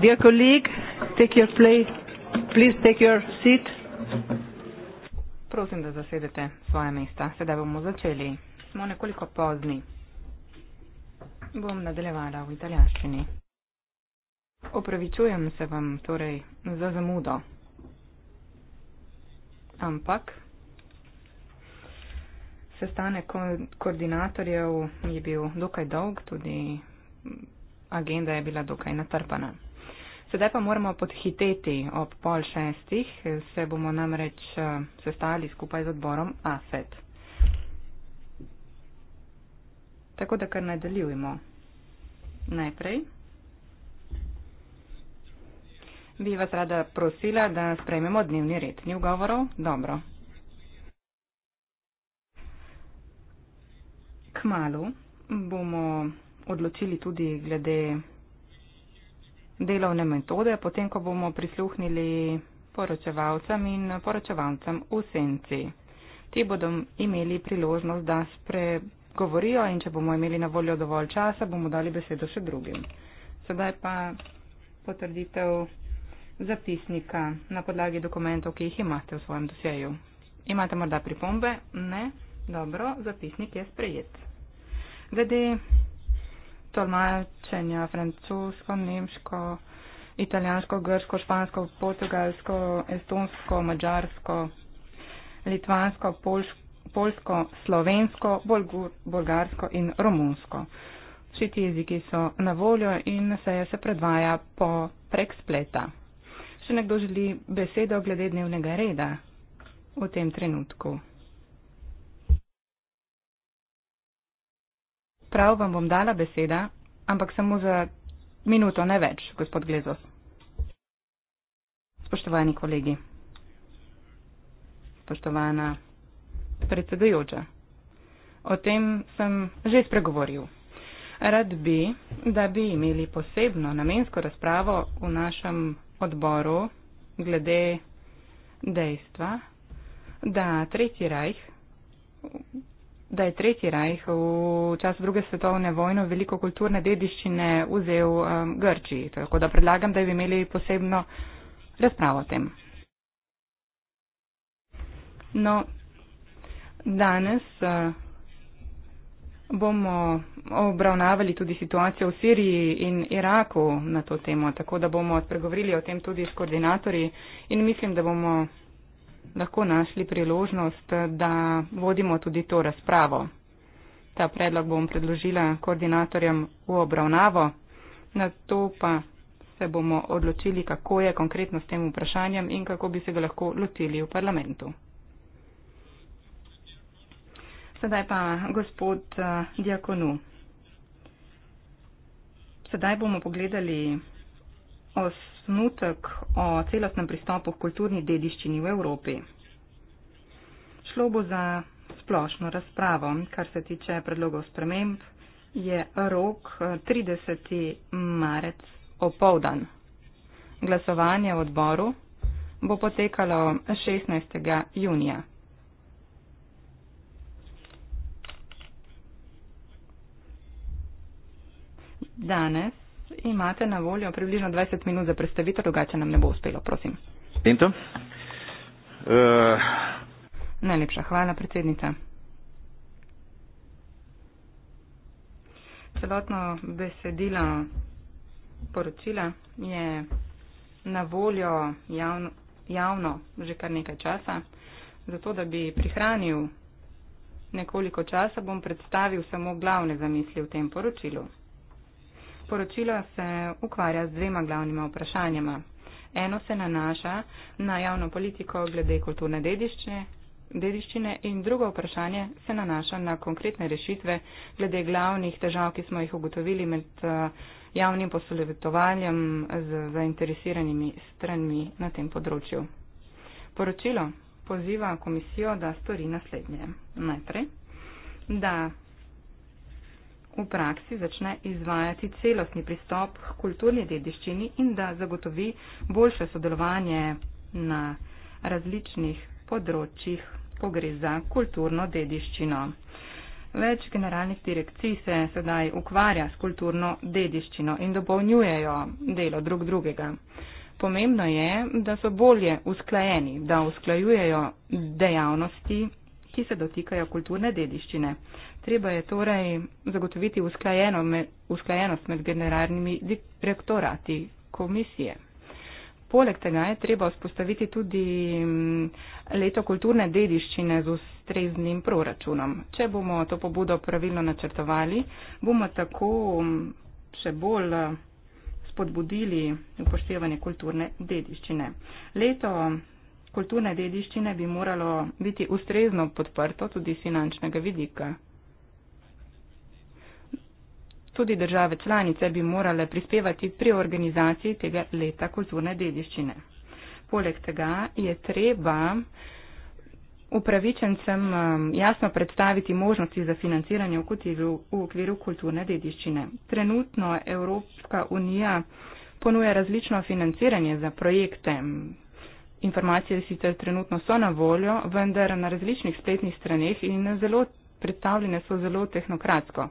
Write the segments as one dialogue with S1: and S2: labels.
S1: Dear colleague, take your place. Please take your seat. Prosim, da zasedete svoje mesta. Sedaj bomo začeli. Smo nekoliko pozni. Bom nadaljevala v italijanščini. Opravičujem se vam torej za zamudo. Ampak sestanek koordinatorjev je bil dokaj dolg, tudi agenda je bila dokaj natrpana. Sedaj pa moramo podhiteti ob pol šestih, se bomo namreč eh, sestali skupaj z odborom AFED. Tako da kar nadaljujemo. Najprej. Bi vas rada prosila, da sprejmemo dnevni red. Ni ugovorov? Dobro. Kmalu bomo odločili tudi glede delovne metode, potem ko bomo prisluhnili poročevalcem in poročevalcem v senci. Ti bodo imeli priložnost, da spregovorijo in če bomo imeli na voljo dovolj časa, bomo dali besedo še drugim. Sedaj pa potrditev zapisnika na podlagi dokumentov, ki jih imate v svojem dosjeju. Imate morda pripombe? Ne? Dobro, zapisnik je sprejet. Glede tolmačenja francosko, nemško, italijansko, grško, špansko, portugalsko, estonsko, mađarsko, litvansko, polš, polsko, slovensko, bolgur, bolgarsko in romunsko. Vsi ti jeziki so na voljo in se je se predvaja po prek spleta. Še nekdo želi besedo glede dnevnega reda v tem trenutku. Prav vam bom dala beseda, ampak samo za minuto, ne več, gospod Glezos. Spoštovani kolegi, spoštovana predsedujoča, o tem sem že spregovoril. Rad bi, da bi imeli posebno namensko razpravo v našem odboru glede dejstva, da Tretji rajh da je Tretji rajh v času druge svetovne vojne veliko kulturne dediščine vzel um, Grčiji. Tako da predlagam, da bi imeli posebno razpravo o tem. No, danes uh, bomo obravnavali tudi situacijo v Siriji in Iraku na to temo, tako da bomo spregovorili o tem tudi s koordinatorji in mislim, da bomo lahko našli priložnost, da vodimo tudi to razpravo. Ta predlog bom predložila koordinatorjem v obravnavo, na to pa se bomo odločili, kako je konkretno s tem vprašanjem in kako bi se ga lahko lotili v parlamentu. Sedaj pa gospod eh, Diakonu. Sedaj bomo pogledali os osnutek o celostnem pristopu k kulturni dediščini v Evropi. Šlo bo za splošno razpravo, kar se tiče predlogov sprememb, je rok 30. Eh, marec opovdan. Glasovanje v odboru bo potekalo 16. junija. Danes imate na voljo približno 20 minut za predstavitev, drugače nam ne bo uspelo, prosim.
S2: Pinto? Uh...
S1: Najlepša hvala, predsednica. Celotno besedilo poročila je na voljo javno, javno že kar nekaj časa. Zato, da bi prihranil nekoliko časa, bom predstavil samo glavne zamisli v tem poročilu. Poročilo se ukvarja z dvema glavnima vprašanjama. Eno se nanaša na javno politiko glede kulturne dediščine, dediščine in drugo vprašanje se nanaša na konkretne rešitve glede glavnih težav, ki smo jih ugotovili med eh, javnim posolevitovanjem z zainteresiranimi stranmi na tem področju. Poročilo poziva komisijo, da stori naslednje. Najprej, da v praksi začne izvajati celostni pristop k kulturni dediščini in da zagotovi boljše sodelovanje na različnih področjih, ko gre za kulturno dediščino. Več generalnih direkcij se sedaj ukvarja s kulturno dediščino in dopolnjujejo delo drug drugega. Pomembno je, da so bolje usklajeni, da usklajujejo dejavnosti, ki se dotikajo kulturne dediščine. Treba je torej zagotoviti usklajeno me, usklajenost med generalnimi direktorati komisije. Poleg tega je treba vzpostaviti tudi mm, leto kulturne dediščine z ustreznim proračunom. Če bomo to pobudo pravilno načrtovali, bomo tako mm, še bolj spodbudili upoštevanje kulturne dediščine. Leto kulturne dediščine bi moralo biti ustrezno podprto tudi finančnega vidika. Tudi države članice bi morale prispevati pri organizaciji tega leta kulturne dediščine. Poleg tega je treba upravičencem um, jasno predstaviti možnosti za financiranje v, kutiru, v okviru kulturne dediščine. Trenutno Evropska unija ponuja različno financiranje za projekte. Informacije sicer trenutno so na voljo, vendar na različnih spletnih straneh in zelo, predstavljene so zelo tehnokratsko.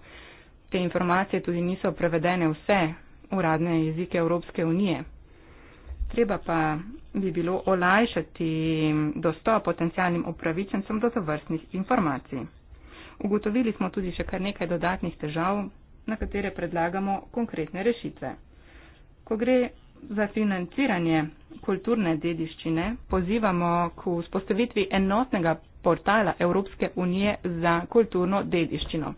S1: Te informacije tudi niso prevedene vse uradne jezike Evropske unije. Treba pa bi bilo olajšati dostop potencijalnim upravičencem do tovrstnih informacij. Ugotovili smo tudi še kar nekaj dodatnih težav, na katere predlagamo konkretne rešitve. Ko gre za financiranje kulturne dediščine, pozivamo k vzpostavitvi enotnega portala Evropske unije za kulturno dediščino.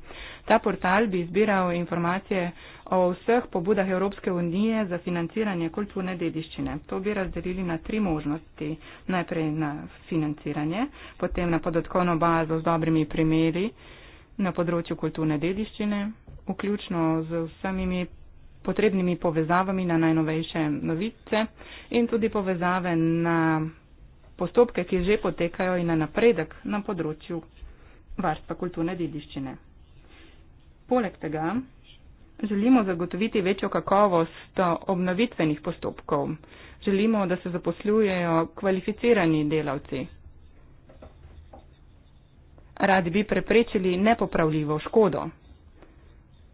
S1: Ta portal bi zbiral informacije o vseh pobudah Evropske unije za financiranje kulturne dediščine. To bi razdelili na tri možnosti. Najprej na financiranje, potem na podatkovno bazo z dobrimi primeri na področju kulturne dediščine, vključno z vsemi potrebnimi povezavami na najnovejše novice in tudi povezave na postopke, ki že potekajo in na napredek na področju varstva kulturne dediščine. Poleg tega želimo zagotoviti večjo kakovost obnovitvenih postopkov. Želimo, da se zaposlujejo kvalificirani delavci. Radi bi preprečili nepopravljivo škodo.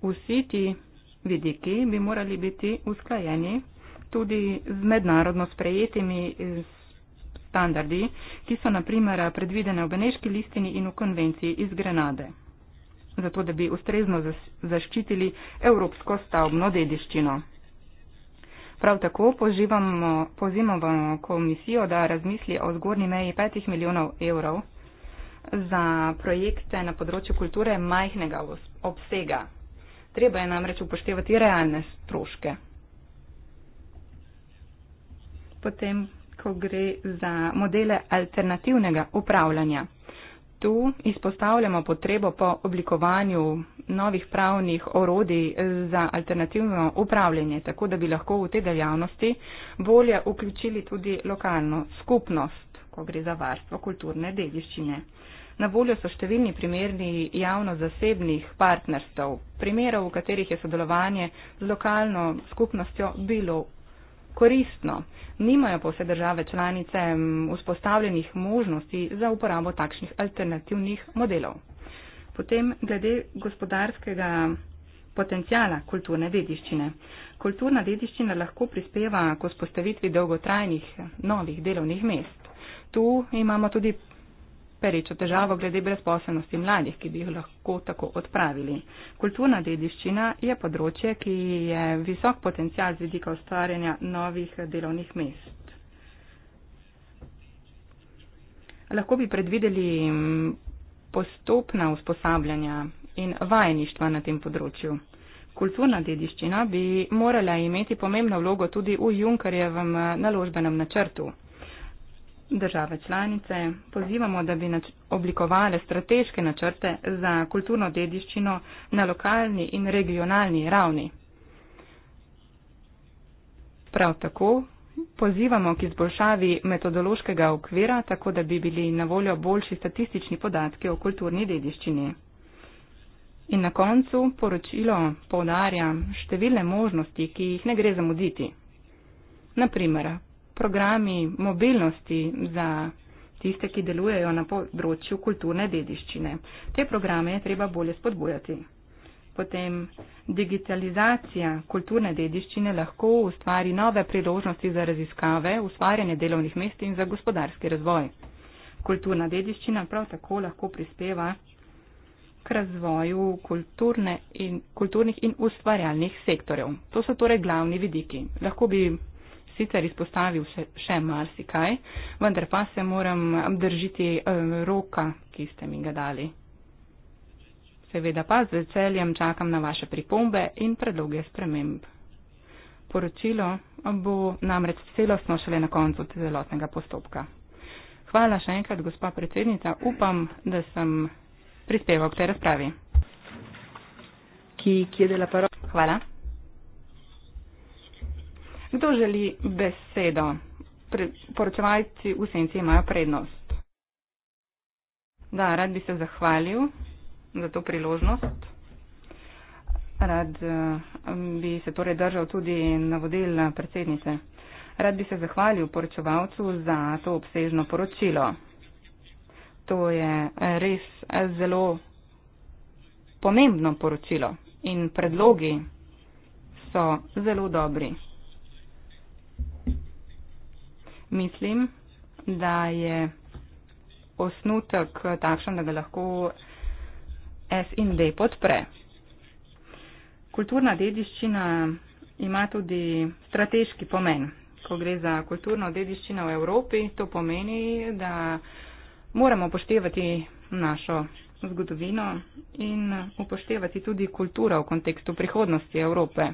S1: Vsi ti vidiki bi morali biti usklajeni tudi z mednarodno sprejetimi standardi, ki so naprimer predvidene v Beneški listini in v konvenciji iz Grenade zato da bi ustrezno zaščitili evropsko stavbno dediščino. Prav tako pozivamo, pozivamo komisijo, da razmisli o zgornji meji 5 milijonov evrov za projekte na področju kulture majhnega obsega. Treba je namreč upoštevati realne stroške. Potem, ko gre za modele alternativnega upravljanja. Tu izpostavljamo potrebo po oblikovanju novih pravnih orodij za alternativno upravljanje, tako da bi lahko v te dejavnosti bolje vključili tudi lokalno skupnost, ko gre za varstvo kulturne dediščine. Na voljo so številni primerni javno-zasebnih partnerstv, primerov, v katerih je sodelovanje z lokalno skupnostjo bilo koristno. Nimajo pa vse države članice vzpostavljenih možnosti za uporabo takšnih alternativnih modelov. Potem glede gospodarskega potencijala kulturne dediščine. Kulturna dediščina lahko prispeva k vzpostavitvi dolgotrajnih novih delovnih mest. Tu imamo tudi perečo težavo glede brezposelnosti mladih, ki bi jih lahko tako odpravili. Kulturna dediščina je področje, ki je visok potencial z vidika ustvarjanja novih delovnih mest. Lahko bi predvideli mm, postopna usposabljanja in vajeništva na tem področju. Kulturna dediščina bi morala imeti pomembno vlogo tudi v Junkerjevem naložbenem načrtu. Države članice pozivamo, da bi oblikovale strateške načrte za kulturno dediščino na lokalni in regionalni ravni. Prav tako pozivamo k izboljšavi metodološkega okvira, tako da bi bili na voljo boljši statistični podatki o kulturni dediščini. In na koncu poročilo podarja številne možnosti, ki jih ne gre zamuditi. Naprimer, programi mobilnosti za tiste, ki delujejo na področju kulturne dediščine. Te programe je treba bolje spodbujati. Potem digitalizacija kulturne dediščine lahko ustvari nove priložnosti za raziskave, ustvarjanje delovnih mest in za gospodarski razvoj. Kulturna dediščina prav tako lahko prispeva k razvoju in, kulturnih in ustvarjalnih sektorjev. To so torej glavni vidiki. Lahko bi sicer izpostavil še, še marsikaj, vendar pa se moram držiti um, roka, ki ste mi ga dali. Seveda pa z veseljem čakam na vaše pripombe in predloge sprememb. Poročilo bo namreč celostno šele na koncu celotnega postopka. Hvala še enkrat, gospa predsednica. Upam, da sem prispeval k tej razpravi. Ki, ki Hvala. Kdo želi besedo? Poročevalci v senci imajo prednost. Da, rad bi se zahvalil za to priložnost. Rad eh, bi se torej držal tudi navodil predsednice. Rad bi se zahvalil poročevalcu za to obsežno poročilo. To je res zelo pomembno poročilo in predlogi so zelo dobri. mislim, da je osnutek takšen, da ga lahko S in D podpre. Kulturna dediščina ima tudi strateški pomen. Ko gre za kulturno dediščino v Evropi, to pomeni, da moramo poštevati našo zgodovino in upoštevati tudi kulturo v kontekstu prihodnosti Evrope.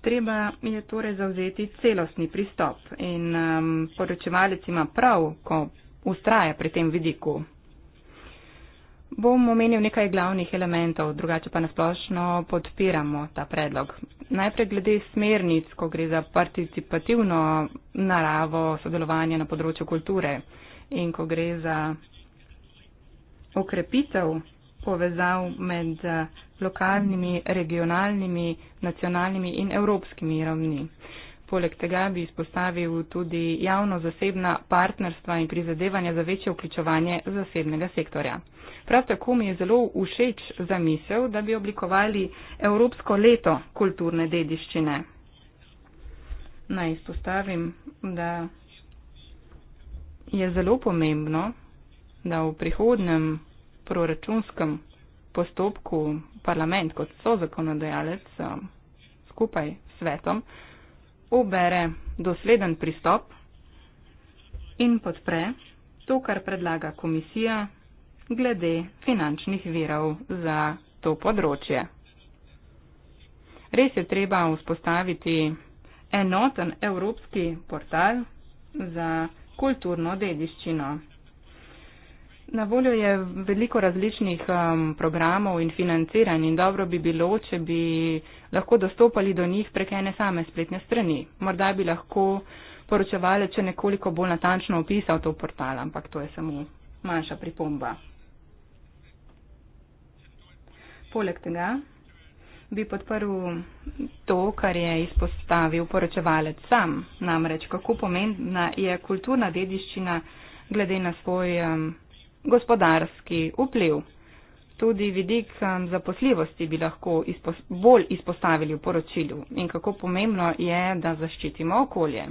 S1: Treba je torej zauzeti celostni pristop in um, poročevalec ima prav, ko ustraja pri tem vidiku. Bom omenil nekaj glavnih elementov, drugače pa nasplošno podpiramo ta predlog. Najprej glede smernic, ko gre za participativno naravo sodelovanja na področju kulture in ko gre za okrepitev povezav med eh, lokalnimi, regionalnimi, nacionalnimi in evropskimi ravni. Poleg tega bi izpostavil tudi javno-zasebna partnerstva in prizadevanja za večje vključevanje zasebnega sektorja. Prav tako mi je zelo všeč zamisel, da bi oblikovali Evropsko leto kulturne dediščine. Naj izpostavim, da je zelo pomembno, da v prihodnem proračunskem postopku parlament kot so zakonodajalec eh, skupaj s svetom obere dosleden pristop in podpre to, kar predlaga komisija glede finančnih virov za to področje. Res je treba vzpostaviti enoten evropski portal za kulturno dediščino. Na voljo je veliko različnih um, programov in financiranj in dobro bi bilo, če bi lahko dostopali do njih prek ene same spletne strani. Morda bi lahko poročevali, če nekoliko bolj natančno opisal to portal, ampak to je samo manjša pripomba. Poleg tega bi podprl to, kar je izpostavil poročevalec sam, namreč kako pomembna je kulturna dediščina glede na svoj um, gospodarski vpliv. Tudi vidik um, zaposljivosti bi lahko izpo, bolj izpostavili v poročilu in kako pomembno je, da zaščitimo okolje.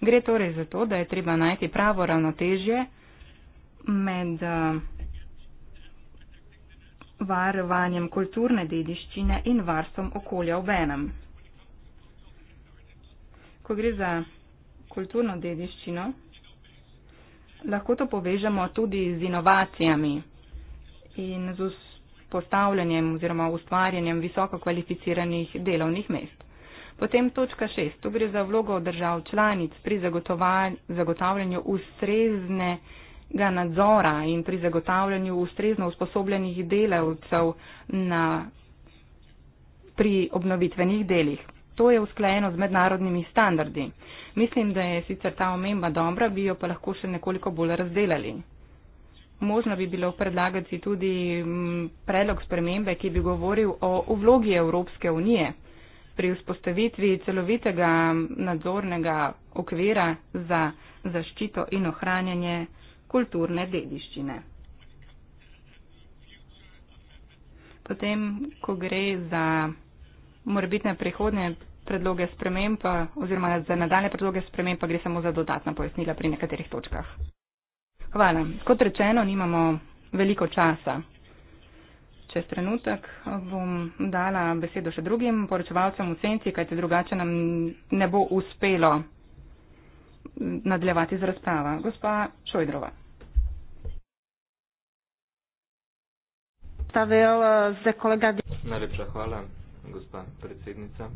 S1: Gre torej za to, da je treba najti pravo ravnotežje med um, varovanjem kulturne dediščine in varstvom okolja v enem. Ko gre za kulturno dediščino, lahko to povežemo tudi z inovacijami in z postavljanjem oziroma ustvarjanjem visoko kvalificiranih delovnih mest. Potem točka šest. Tu gre za vlogo držav članic pri zagotavljanju ustreznega nadzora in pri zagotavljanju ustrezno usposobljenih delavcev na, pri obnovitvenih delih to je usklajeno z mednarodnimi standardi. Mislim, da je sicer ta omemba dobra, bi jo pa lahko še nekoliko bolj razdelali. Možno bi bilo predlagati tudi mm, predlog spremembe, ki bi govoril o vlogi Evropske unije pri vzpostavitvi celovitega nadzornega okvira za zaščito in ohranjanje kulturne dediščine. Potem, ko gre za morbitne prihodne predloge sprememb eh, oziroma za nadaljne predloge sprememb pa gre samo za dodatna pojasnila pri nekaterih točkah. Hvala. Kot rečeno, nimamo veliko časa. Čez trenutek eh, bom dala besedo še drugim poročevalcem v senci, kajte drugače nam ne bo uspelo nadaljevati z razprava. Gospa Šojdrova. Eh,
S3: Najlepša hvala gospa predsednica.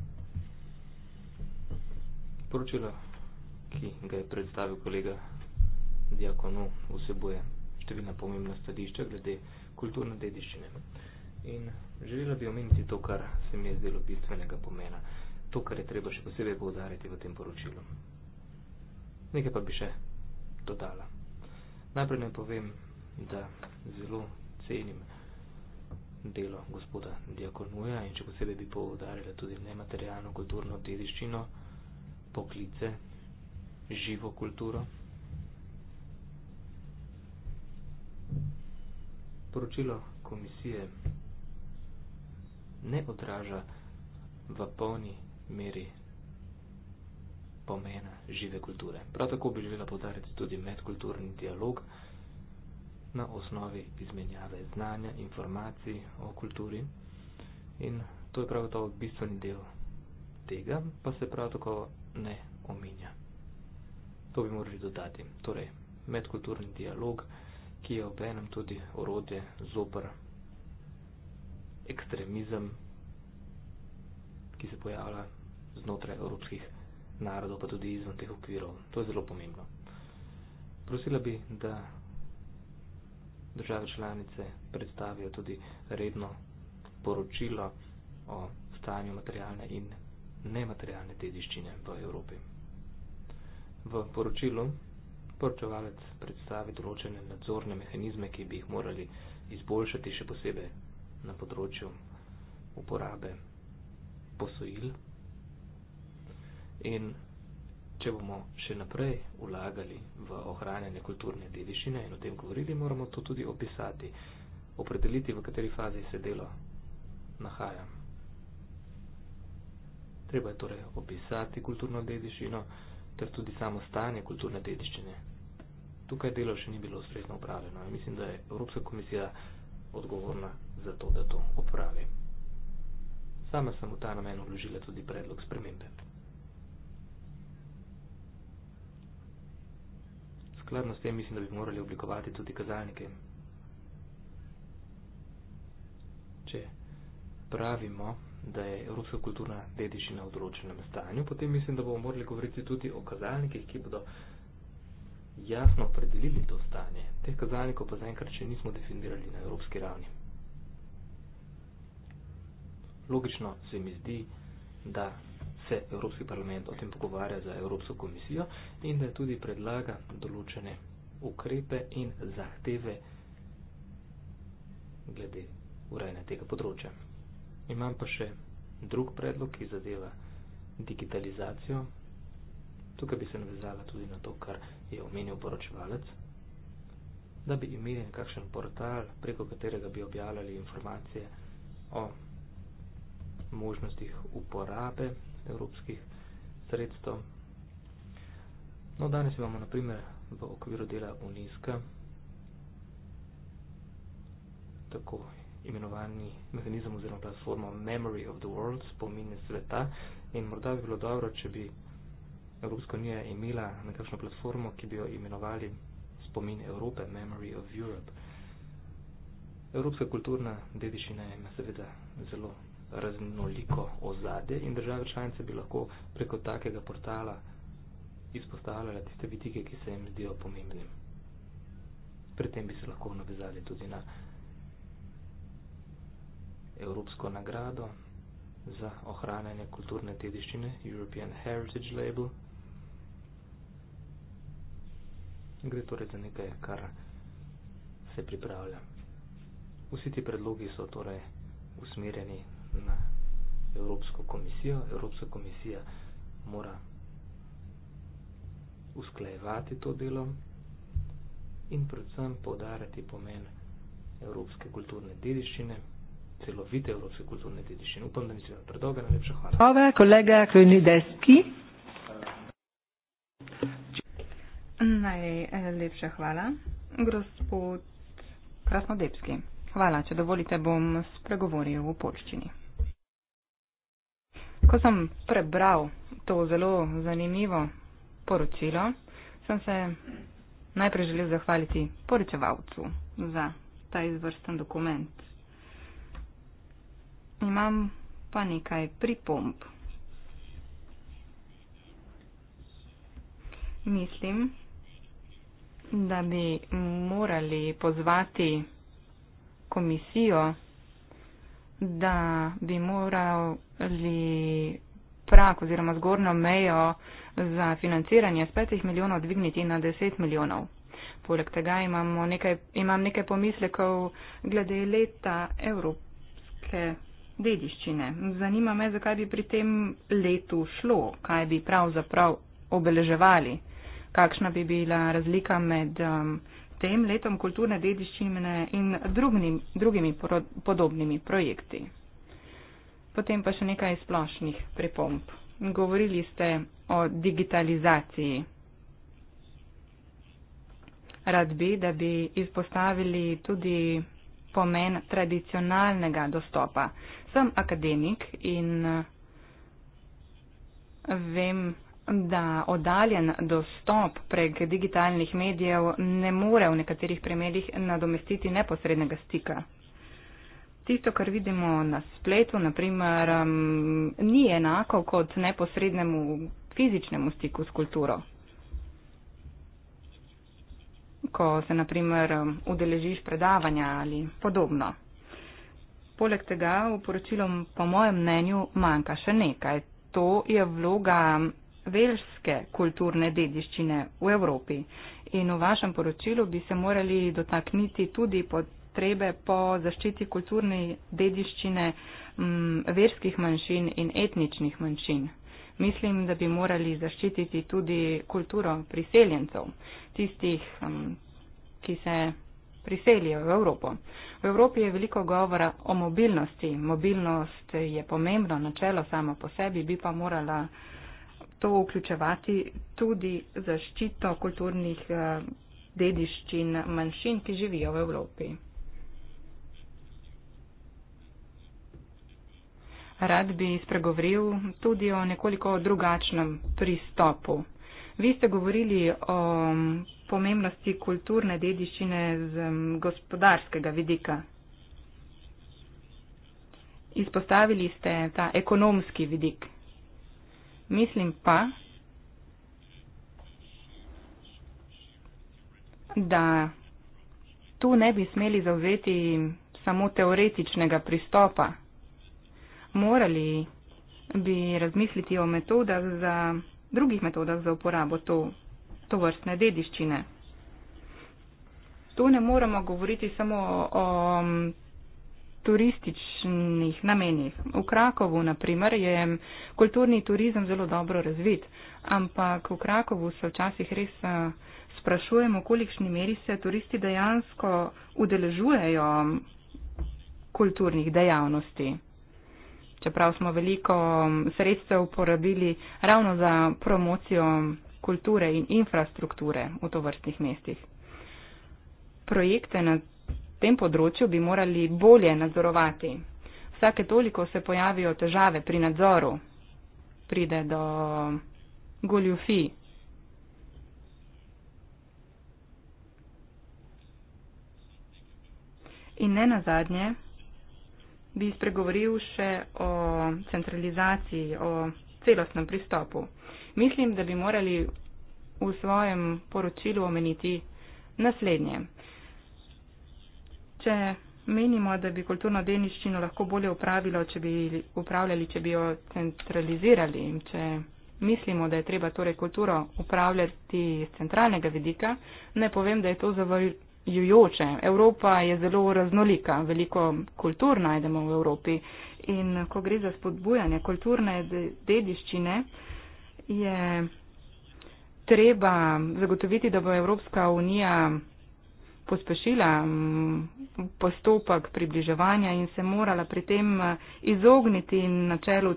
S3: Poročilo, ki ga je predstavil kolega Diakonu, vsebuje številna pomembna stališča glede kulturne dediščine. In želela bi omeniti to, kar se mi je zdelo bistvenega pomena, to, kar je treba še posebej povdariti v tem poročilu. Nekaj pa bi še dodala. Najprej naj povem, da zelo cenim delo gospoda Diakonuja in če posebej bi povdarjala tudi nematerialno kulturno dediščino, poklice, živo kulturo. Poročilo komisije ne odraža v polni meri pomena žive kulture. Prav tako bi želela podariti tudi medkulturni dialog, na osnovi izmenjave znanja, informacij o kulturi in to je prav to bistveni del tega, pa se prav tako ne omenja. To bi morali dodati. Torej, medkulturni dialog, ki je obenem tudi orodje zopr ekstremizem, ki se pojavlja znotraj evropskih narodov, pa tudi izven teh okvirov. To je zelo pomembno. Prosila bi, da države članice predstavijo tudi redno poročilo o stanju materialne in nematerialne dediščine v Evropi. V poročilu poročevalec predstavi določene nadzorne mehanizme, ki bi jih morali izboljšati še posebej na področju uporabe posojil in Če bomo še naprej vlagali v ohranjanje kulturne dediščine in o tem govorili, moramo to tudi opisati, opredeliti, v kateri fazi se delo nahaja. Treba je torej opisati kulturno dediščino ter tudi samo stanje kulturne dediščine. Tukaj delo še ni bilo ustrezno upravljeno in mislim, da je Evropska komisija odgovorna za to, da to opravi. Sama sem v ta namen vložila tudi predlog spremembe. Skladno s tem mislim, da bi morali oblikovati tudi kazalnike. Če pravimo, da je evropska kulturna dediščina v določenem stanju, potem mislim, da bomo morali govoriti tudi o kazalnikih, ki bodo jasno predelili to stanje. Teh kazalnikov pa zaenkrat še nismo definirali na evropski ravni. Logično se mi zdi, da se Evropski parlament o tem pogovarja za Evropsko komisijo in da tudi predlaga določene ukrepe in zahteve glede urejanja tega področja. Imam pa še drug predlog, ki zadeva digitalizacijo. Tukaj bi se navezala tudi na to, kar je omenil poročevalec, da bi imeli nekakšen portal, preko katerega bi objavljali informacije o možnostih uporabe evropskih sredstev. No, danes imamo naprimer v okviru dela UNISKA tako imenovani mehanizem oziroma platforma Memory of the World, spominje sveta in morda bi bilo dobro, če bi Evropska unija imela nekakšno platformo, ki bi jo imenovali spomin Evrope, Memory of Europe. Evropska kulturna dediščina ima seveda zelo raznoliko ozadje in države članice bi lahko preko takega portala izpostavljala tiste vidike, ki se jim zdijo pomembnim. Pri tem bi se lahko navezali tudi na Evropsko nagrado za ohranjanje kulturne dediščine European Heritage Label. Gre torej za nekaj, kar se pripravlja. Vsi ti predlogi so torej usmerjeni na Evropsko komisijo. Evropska komisija mora usklajevati to delo in predvsem povdarjati pomen evropske kulturne dediščine, celovite evropske kulturne dediščine. Upam, da nisem predolga, najlepša hvala.
S1: Hvala, kolega Krojnideski. Najlepša hvala, gospod Krasnodebski. Hvala, če dovolite, bom spregovoril v polščini. Ko sem prebral to zelo zanimivo poročilo, sem se najprej želel zahvaliti poročevalcu za ta izvrsten dokument. Imam pa nekaj pripomb. Mislim, da bi morali pozvati komisijo da bi morali prak oziroma zgornjo mejo za financiranje z 5 milijonov dvigniti na 10 milijonov. Poleg tega nekaj, imam nekaj pomislekov glede leta evropske dediščine. Zanima me, zakaj bi pri tem letu šlo, kaj bi pravzaprav obeleževali, kakšna bi bila razlika med. Um, tem letom kulturne dediščine in drugnim, drugimi podobnimi projekti. Potem pa še nekaj splošnih pripomp. Govorili ste o digitalizaciji. Rad bi, da bi izpostavili tudi pomen tradicionalnega dostopa. Sem akademik in eh, vem da oddaljen dostop prek digitalnih medijev ne more v nekaterih primerjih nadomestiti neposrednega stika. Tisto, kar vidimo na spletu, naprimer, ni enako kot neposrednemu fizičnemu stiku s kulturo. Ko se, naprimer, udeležiš predavanja ali podobno. Poleg tega v poročilom, po mojem mnenju, manjka še nekaj. To je vloga velske kulturne dediščine v Evropi. In v vašem poročilu bi se morali dotakniti tudi potrebe po zaščiti kulturne dediščine m, mm, verskih manjšin in etničnih manjšin. Mislim, da bi morali zaščititi tudi kulturo priseljencev, tistih, m, mm, ki se priselijo v Evropo. V Evropi je veliko govora o mobilnosti. Mobilnost je pomembno načelo samo po sebi, bi pa morala to vključevati tudi zaščito kulturnih eh, dediščin manjšin, ki živijo v Evropi. Rad bi spregovoril tudi o nekoliko drugačnem pristopu. Vi ste govorili o mm, pomembnosti kulturne dediščine z mm, gospodarskega vidika. Izpostavili ste ta ekonomski vidik. Mislim pa, da tu ne bi smeli zauzeti samo teoretičnega pristopa. Morali bi razmisliti o metodah za, drugih metodah za uporabo to, to vrstne dediščine. Tu ne moramo govoriti samo o, o turističnih namenih. V Krakovu, na primer, je kulturni turizem zelo dobro razvit, ampak v Krakovu se včasih res eh, sprašujemo, kolikšni meri se turisti dejansko udeležujejo kulturnih dejavnosti. Čeprav smo veliko mm, sredstev uporabili ravno za promocijo kulture in infrastrukture v tovrstnih mestih. Projekte na tem področju bi morali bolje nadzorovati. Vsake toliko se pojavijo težave pri nadzoru. Pride do goljufi. In ne nazadnje bi spregovoril še o centralizaciji, o celostnem pristopu. Mislim, da bi morali v svojem poročilu omeniti naslednje. Če menimo, da bi kulturno dediščino lahko bolje upravilo, če bi upravljali, če bi jo centralizirali in če mislimo, da je treba torej kulturo upravljati z centralnega vidika, ne povem, da je to zavajujoče. Evropa je zelo raznolika, veliko kultur najdemo v Evropi in ko gre za spodbujanje kulturne dediščine, je treba zagotoviti, da bo Evropska unija pospešila mm, postopek približevanja in se morala pri tem eh, izogniti načelu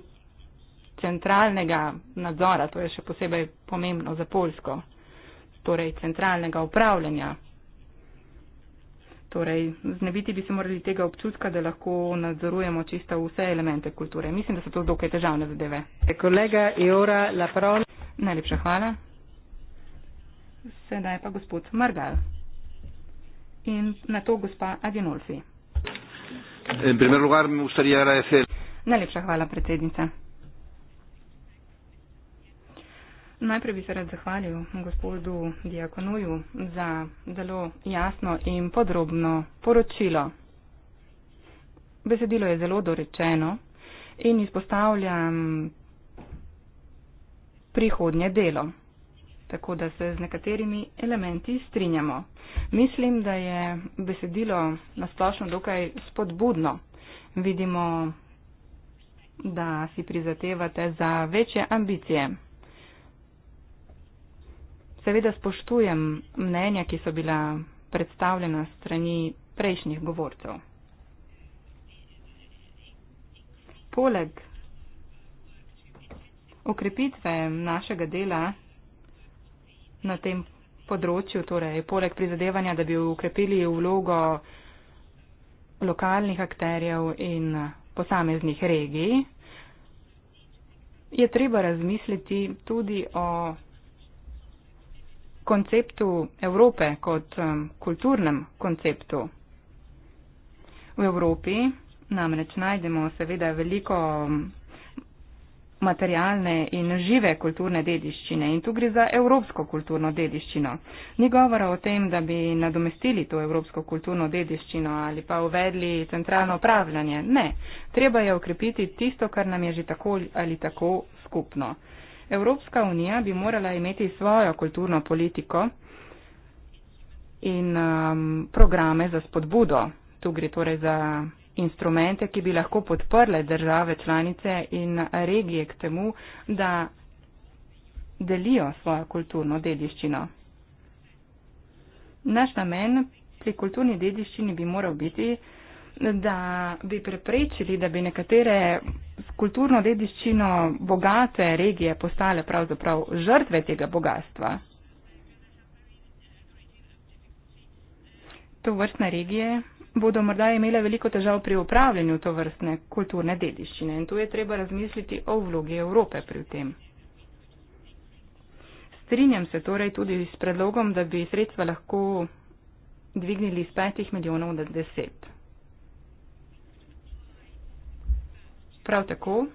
S1: centralnega nadzora, to je še posebej pomembno za Polsko, torej centralnega upravljanja. Torej, znebiti bi se morali tega občutka, da lahko nadzorujemo čisto vse elemente kulture. Mislim, da so to dokaj težavne zadeve. Kolega Jora Lapron. Najlepša hvala. Sedaj pa gospod Margal in na to gospa Adinolfi. Najlepša hvala, predsednica. Najprej bi se rad zahvalil gospodu Diakonuju za zelo jasno in podrobno poročilo. Besedilo je zelo dorečeno in izpostavljam prihodnje delo tako da se z nekaterimi elementi strinjamo. Mislim, da je besedilo nasplošno dokaj spodbudno. Vidimo, da si prizatevate za večje ambicije. Seveda spoštujem mnenja, ki so bila predstavljena strani prejšnjih govorcev. Poleg okrepitve našega dela na tem področju, torej poleg prizadevanja, da bi ukrepili vlogo lokalnih akterjev in posameznih regij, je treba razmisliti tudi o konceptu Evrope kot um, kulturnem konceptu. V Evropi namreč najdemo seveda veliko um, materialne in žive kulturne dediščine in tu gre za evropsko kulturno dediščino. Ni govora o tem, da bi nadomestili to evropsko kulturno dediščino ali pa uvedli centralno upravljanje. Ne, treba je ukrepiti tisto, kar nam je že tako ali tako skupno. Evropska unija bi morala imeti svojo kulturno politiko in um, programe za spodbudo. Tu gre torej za instrumente, ki bi lahko podprle države članice in regije k temu, da delijo svojo kulturno dediščino. Naš namen pri kulturni dediščini bi moral biti, da bi preprečili, da bi nekatere kulturno dediščino bogate regije postale pravzaprav žrtve tega bogatstva. To vrstne regije bodo morda imele veliko težav pri upravljanju to vrstne kulturne dediščine in tu je treba razmisliti o vlogi Evrope pri tem. Strinjam se torej tudi s predlogom, da bi sredstva lahko dvignili iz 5 milijonov na 10. Prav tako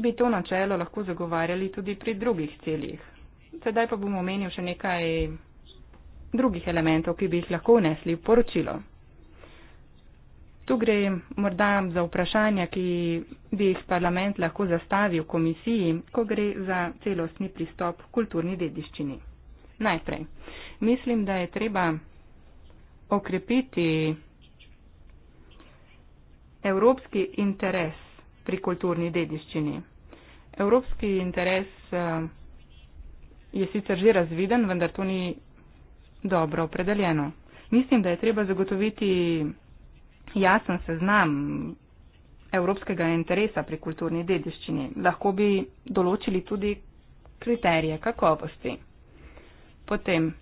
S1: bi to načelo lahko zagovarjali tudi pri drugih ciljih. Sedaj pa bom omenil še nekaj drugih elementov, ki bi jih lahko vnesli v poročilo. Tu gre morda za vprašanja, ki bi jih parlament lahko zastavil komisiji, ko gre za celostni pristop k kulturni dediščini. Najprej, mislim, da je treba okrepiti evropski interes pri kulturni dediščini. Evropski interes eh, je sicer že razviden, vendar to ni dobro opredeljeno. Mislim, da je treba zagotoviti jasen seznam evropskega interesa pri kulturni dediščini. Lahko bi določili tudi kriterije kakovosti. Potem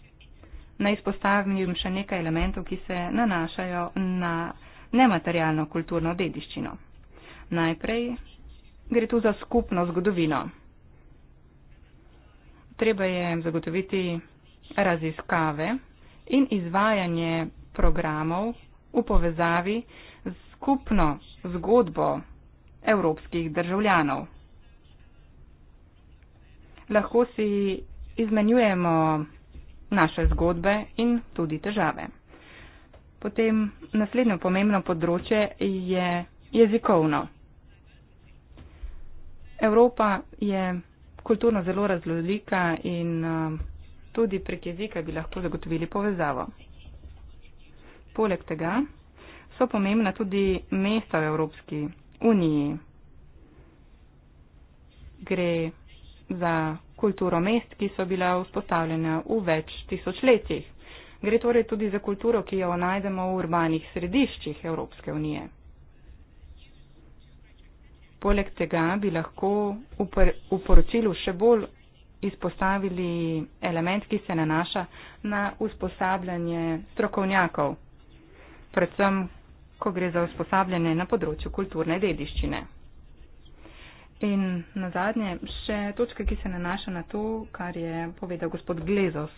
S1: naj izpostavim še nekaj elementov, ki se nanašajo na nematerialno kulturno dediščino. Najprej gre tu za skupno zgodovino. Treba je zagotoviti raziskave in izvajanje programov v povezavi s skupno zgodbo evropskih državljanov. Lahko si izmenjujemo naše zgodbe in tudi težave. Potem naslednjo pomembno področje je jezikovno. Evropa je kulturno zelo razlodika in uh, Tudi prek jezika bi lahko zagotovili povezavo. Poleg tega so pomembna tudi mesta v Evropski uniji. Gre za kulturo mest, ki so bila vzpostavljena v več tisočletjih. Gre torej tudi za kulturo, ki jo najdemo v urbanih središčih Evropske unije. Poleg tega bi lahko v poročilu še bolj izpostavili element, ki se nanaša na usposabljanje strokovnjakov, predvsem, ko gre za usposabljanje na področju kulturne dediščine. In na zadnje, še točka, ki se nanaša na to, kar je povedal gospod Glezos.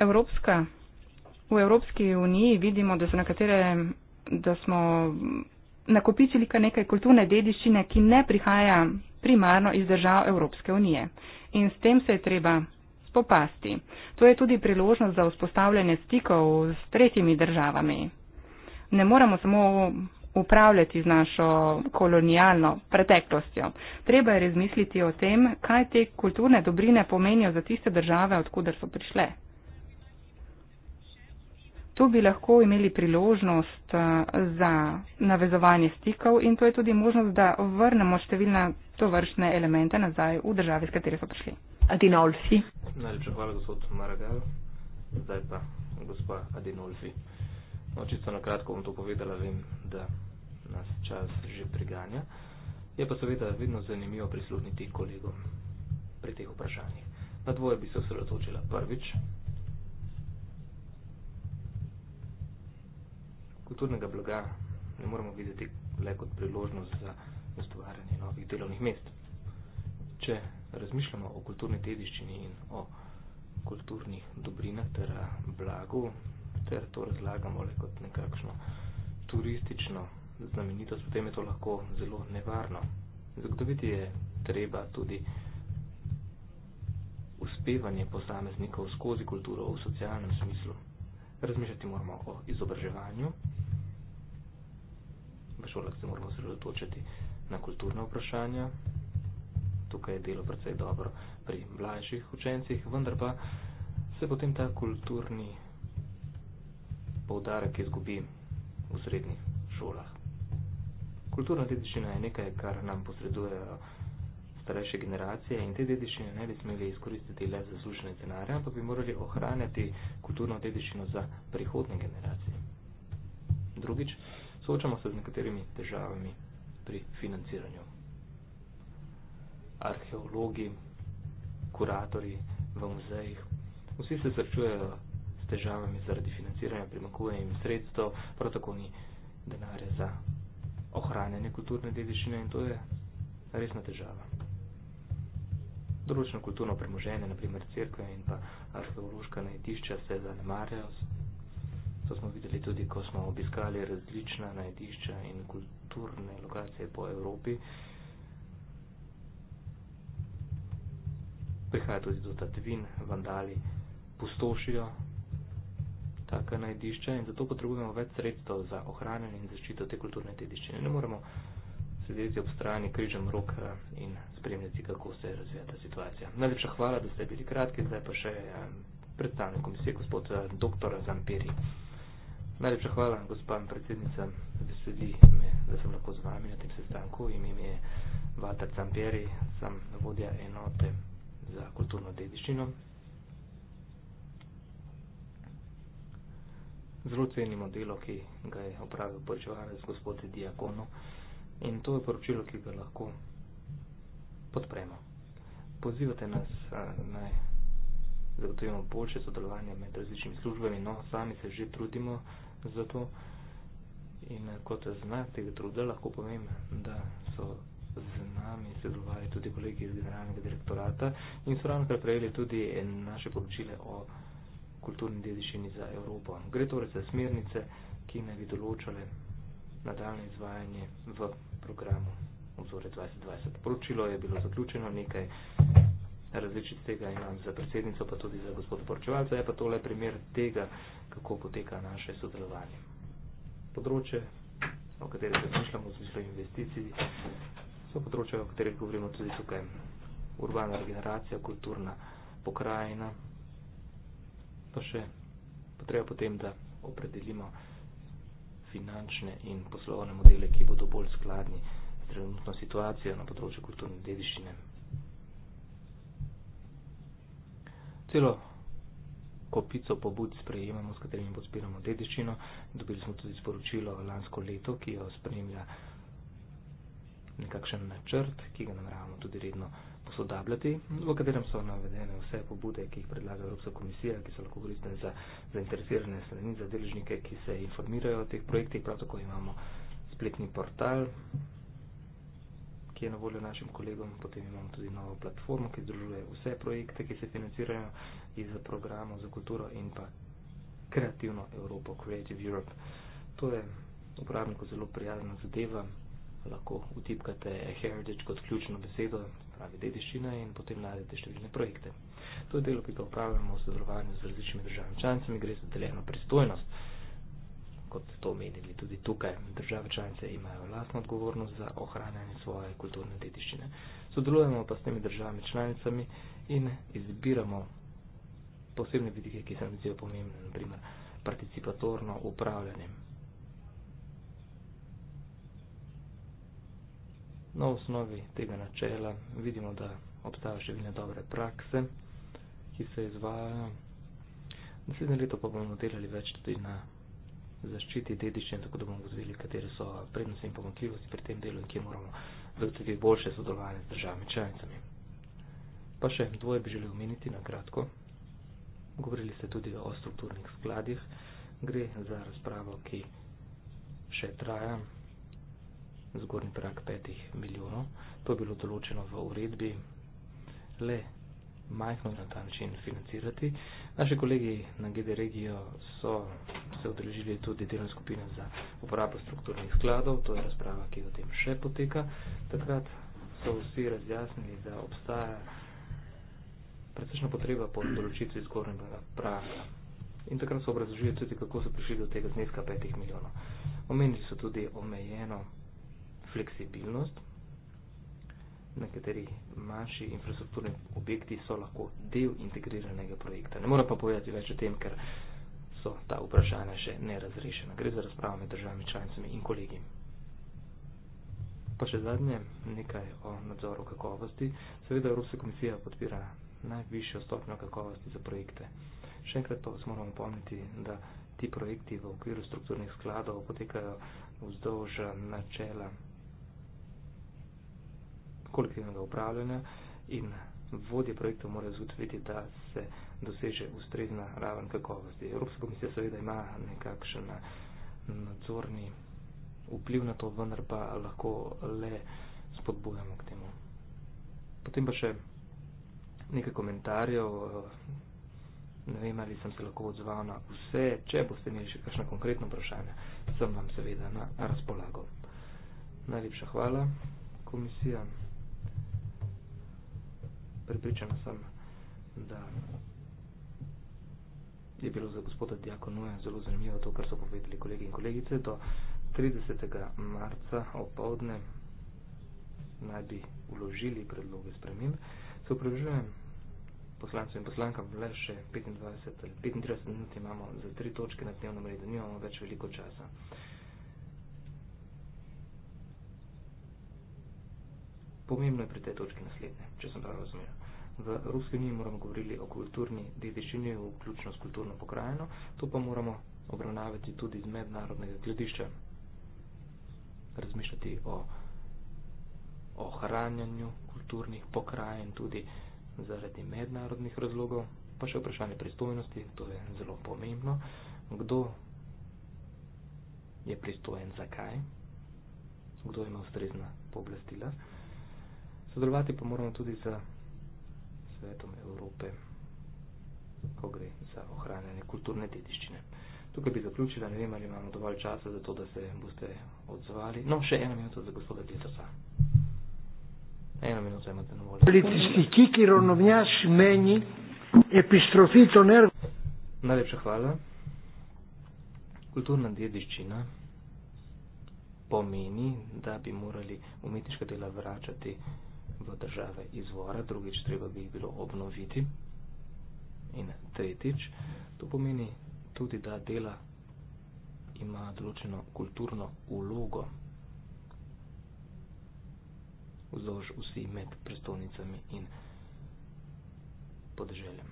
S1: Evropska, v Evropski uniji vidimo, da so nekatere, da smo nakopičili kar nekaj kulturne dediščine, ki ne prihaja primarno iz držav Evropske unije. In s tem se je treba spopasti. To je tudi priložnost za vzpostavljanje stikov s tretjimi državami. Ne moramo samo upravljati z našo kolonijalno preteklostjo. Treba je razmisliti o tem, kaj te kulturne dobrine pomenijo za tiste države, odkuder so prišle. Tu bi lahko imeli priložnost eh, za navezovanje stikov in to je tudi možnost, da vrnemo številne tovršne elemente nazaj v države, iz katere so prišli. Adinolfi.
S3: Najlepša hvala, gospod Maragal. Zdaj pa gospa Adinolfi. No, čisto na kratko bom to povedala, vem, da nas čas že priganja. Je pa seveda vedno zanimivo prisluhniti kolegom pri teh vprašanjih. Na dvoje bi se osredotočila prvič, kulturnega blaga ne moramo videti le kot priložnost za ustvarjanje novih delovnih mest. Če razmišljamo o kulturni dediščini in o kulturnih dobrinah ter blagu, ter to razlagamo le kot nekakšno turistično znamenitost, potem je to lahko zelo nevarno. Zagotoviti je treba tudi uspevanje posameznikov skozi kulturo v socialnem smislu. Razmišljati moramo o izobraževanju, v šolah se moramo sredotočiti na kulturna vprašanja. Tukaj je delo precej dobro pri mlajših učencih, vendar pa se potem ta kulturni poudarek izgubi v srednjih šolah. Kulturna dedičina je nekaj, kar nam posredujejo starejše generacije in te dedičine ne bi smeli izkoristiti le za zlušne scenarije, ampak bi morali ohranjati kulturno dedičino za prihodne generacije. Drugič, Soočamo se z nekaterimi težavami pri financiranju. Arheologi, kuratorji v muzejih, vsi se srečujejo s težavami zaradi financiranja, primakuje jim sredstev, prav tako ni denarja za ohranjanje kulturne dediščine in to je resna težava. Določeno kulturno premoženje, naprimer crkve in pa arheološka najtišča se zanemarjajo, To smo videli tudi, ko smo obiskali različna najdišča in kulturne lokacije po Evropi. Prihaja tudi do tatvin, vandali pustošijo taka najdišča in zato potrebujemo več sredstev za ohranjanje in zaščito te kulturne dediščine. Ne moremo sedeti ob strani križem rok eh, in spremljati, kako se razvija ta situacija. Najlepša hvala, da ste bili kratki, zdaj pa še eh, predstavnik komisije, gospod eh, dr. Zampiri. Najlepša hvala, gospa predsednica. Veseli me, da sem lahko z vami na tem sestanku. Ime mi je Walter Zamperi, sem vodja enote za kulturno dediščino. Zelo cenimo delo, ki ga je opravil počevalec gospod Diakono in to je poročilo, ki ga lahko podpremo. Pozivate nas naj zagotovimo boljše sodelovanje med različnimi službami, no sami se že trudimo, za to. In eh, kot znak tega truda lahko povem, da so z nami sodelovali tudi kolegi iz generalnega direktorata in so ravno prejeli tudi eh, naše poročile o kulturni dediščini za Evropo. Gre torej za smernice, ki naj bi določale nadaljne izvajanje v programu Obzore 2020. Poročilo je bilo zaključeno nekaj različic tega imam za predsednico, pa tudi za gospod Porčevalca, je pa tole primer tega, kako poteka naše sodelovanje. Področje, o katerem razmišljamo v smislu investicij, so področje, o katerih govorimo tudi tukaj. Urbana regeneracija, kulturna pokrajina, pa še potreba potem, da opredelimo finančne in poslovne modele, ki bodo bolj skladni s trenutno situacijo na področju kulturne dediščine. celo kopico pobud sprejemamo, s katerimi podpiramo dediščino. Dobili smo tudi sporočilo lansko leto, ki jo spremlja nekakšen načrt, ki ga nameravamo tudi redno posodabljati, v katerem so navedene vse pobude, ki jih predlaga Evropska komisija, ki so lahko koristne za zainteresirane strani, za deležnike, ki se informirajo o teh projektih. Prav tako imamo spletni portal, ki je na voljo našim kolegom. Potem imamo tudi novo platformo, ki združuje vse projekte, ki se financirajo iz programov za kulturo in pa kreativno Evropo, Creative Europe. To je uporabniku zelo prijazna zadeva. Lahko utipkate heritage kot ključno besedo, pravi dediščina in potem najdete številne projekte. To je delo, ki ga upravljamo v sodelovanju z različnimi državami članicami, gre za deljeno pristojnost kot ste to omenili tudi tukaj. Države članice imajo vlastno odgovornost za ohranjanje svoje kulturne dediščine. Sodelujemo pa s temi državami članicami in izbiramo posebne vidike, ki se nam zdijo pomembne, naprimer participatorno upravljanje. Na osnovi tega načela vidimo, da obstajajo številne dobre prakse, ki se izvajajo. Naslednje leto pa bomo delali več tudi na zaščiti dediščine, tako da bomo ugotovili, katere so prednosti in pomankljivosti pri tem delu in kje moramo zagotoviti boljše sodelovanje z državami članicami. Pa še dvoje bi želel omeniti na kratko. Govorili ste tudi o strukturnih skladih. Gre za razpravo, ki še traja. Zgornji prak 5 milijonov. To je bilo določeno v uredbi. Le majhno na ta način financirati. Naši kolegi na GD Regijo so se odrežili tudi delne skupine za uporabo strukturnih skladov, to je razprava, ki o tem še poteka. Takrat so vsi razjasnili, da obstaja predvsečna potreba po določitvi zgornjega praga. In takrat so obrazložili tudi, kako so prišli do tega zneska 5 milijonov. Omenili so tudi omejeno fleksibilnost, na katerih manjši infrastrukturni objekti so lahko del integriranega projekta. Ne moram pa povedati več o tem, ker so ta vprašanja še nerazrešena. Gre za razpravo med državami članicami in kolegi. Pa še zadnje, nekaj o nadzoru kakovosti. Seveda Evropska komisija podpira najvišjo stopnjo kakovosti za projekte. Še enkrat pa vas moram pomniti, da ti projekti v okviru strukturnih skladov potekajo vzdolž načela kolektivnega upravljanja in vodje projektov morajo zagotoviti, da se doseže ustrezna raven kakovosti. Evropska komisija seveda ima nekakšen nadzorni vpliv na to, vendar pa lahko le spodbujamo k temu. Potem pa še nekaj komentarjev. Ne vem, ali sem se lahko odzval na vse. Če boste imeli še kakšno konkretno vprašanje, sem vam seveda na razpolago. Najlepša hvala, komisija pripričana sem, da je bilo za gospoda Diakonuja zelo zanimivo to, kar so povedali kolegi in kolegice. Do 30. marca opovdne naj bi uložili predloge spremim. Se upravižujem poslancem in poslankam le še 25 ali 35 minut imamo za tri točke na dnevnem redu, nimamo več veliko časa. Pomembno je pri tej točki naslednje, če sem prav razumel. V Ruski uniji moramo govorili o kulturni dediščini, vključno s kulturno pokrajino, to pa moramo obravnavati tudi z mednarodnega gledišča, razmišljati o ohranjanju kulturnih pokrajin tudi zaradi mednarodnih razlogov, pa še vprašanje pristojnosti, to je zelo pomembno, kdo je pristojen zakaj, kdo ima ustrezna pooblastila sodelovati pa moramo tudi z svetom Evrope, ko gre za ohranjanje kulturne dediščine. Tukaj bi zaključila, ne vem, ali imamo dovolj časa za to, da se boste odzvali. No, še ena minuta za gospoda Dietrsa. Eno minuto imate na voljo. Policisti Kiki Ronovnjaš meni epistrofito nervo. Najlepša hvala. Kulturna dediščina pomeni, da bi morali umetniška dela vračati v države izvora, drugič treba bi jih bilo obnoviti in tretjič, to pomeni tudi, da dela ima določeno kulturno ulogo vzdolž vsi med prestolnicami in podeželjem.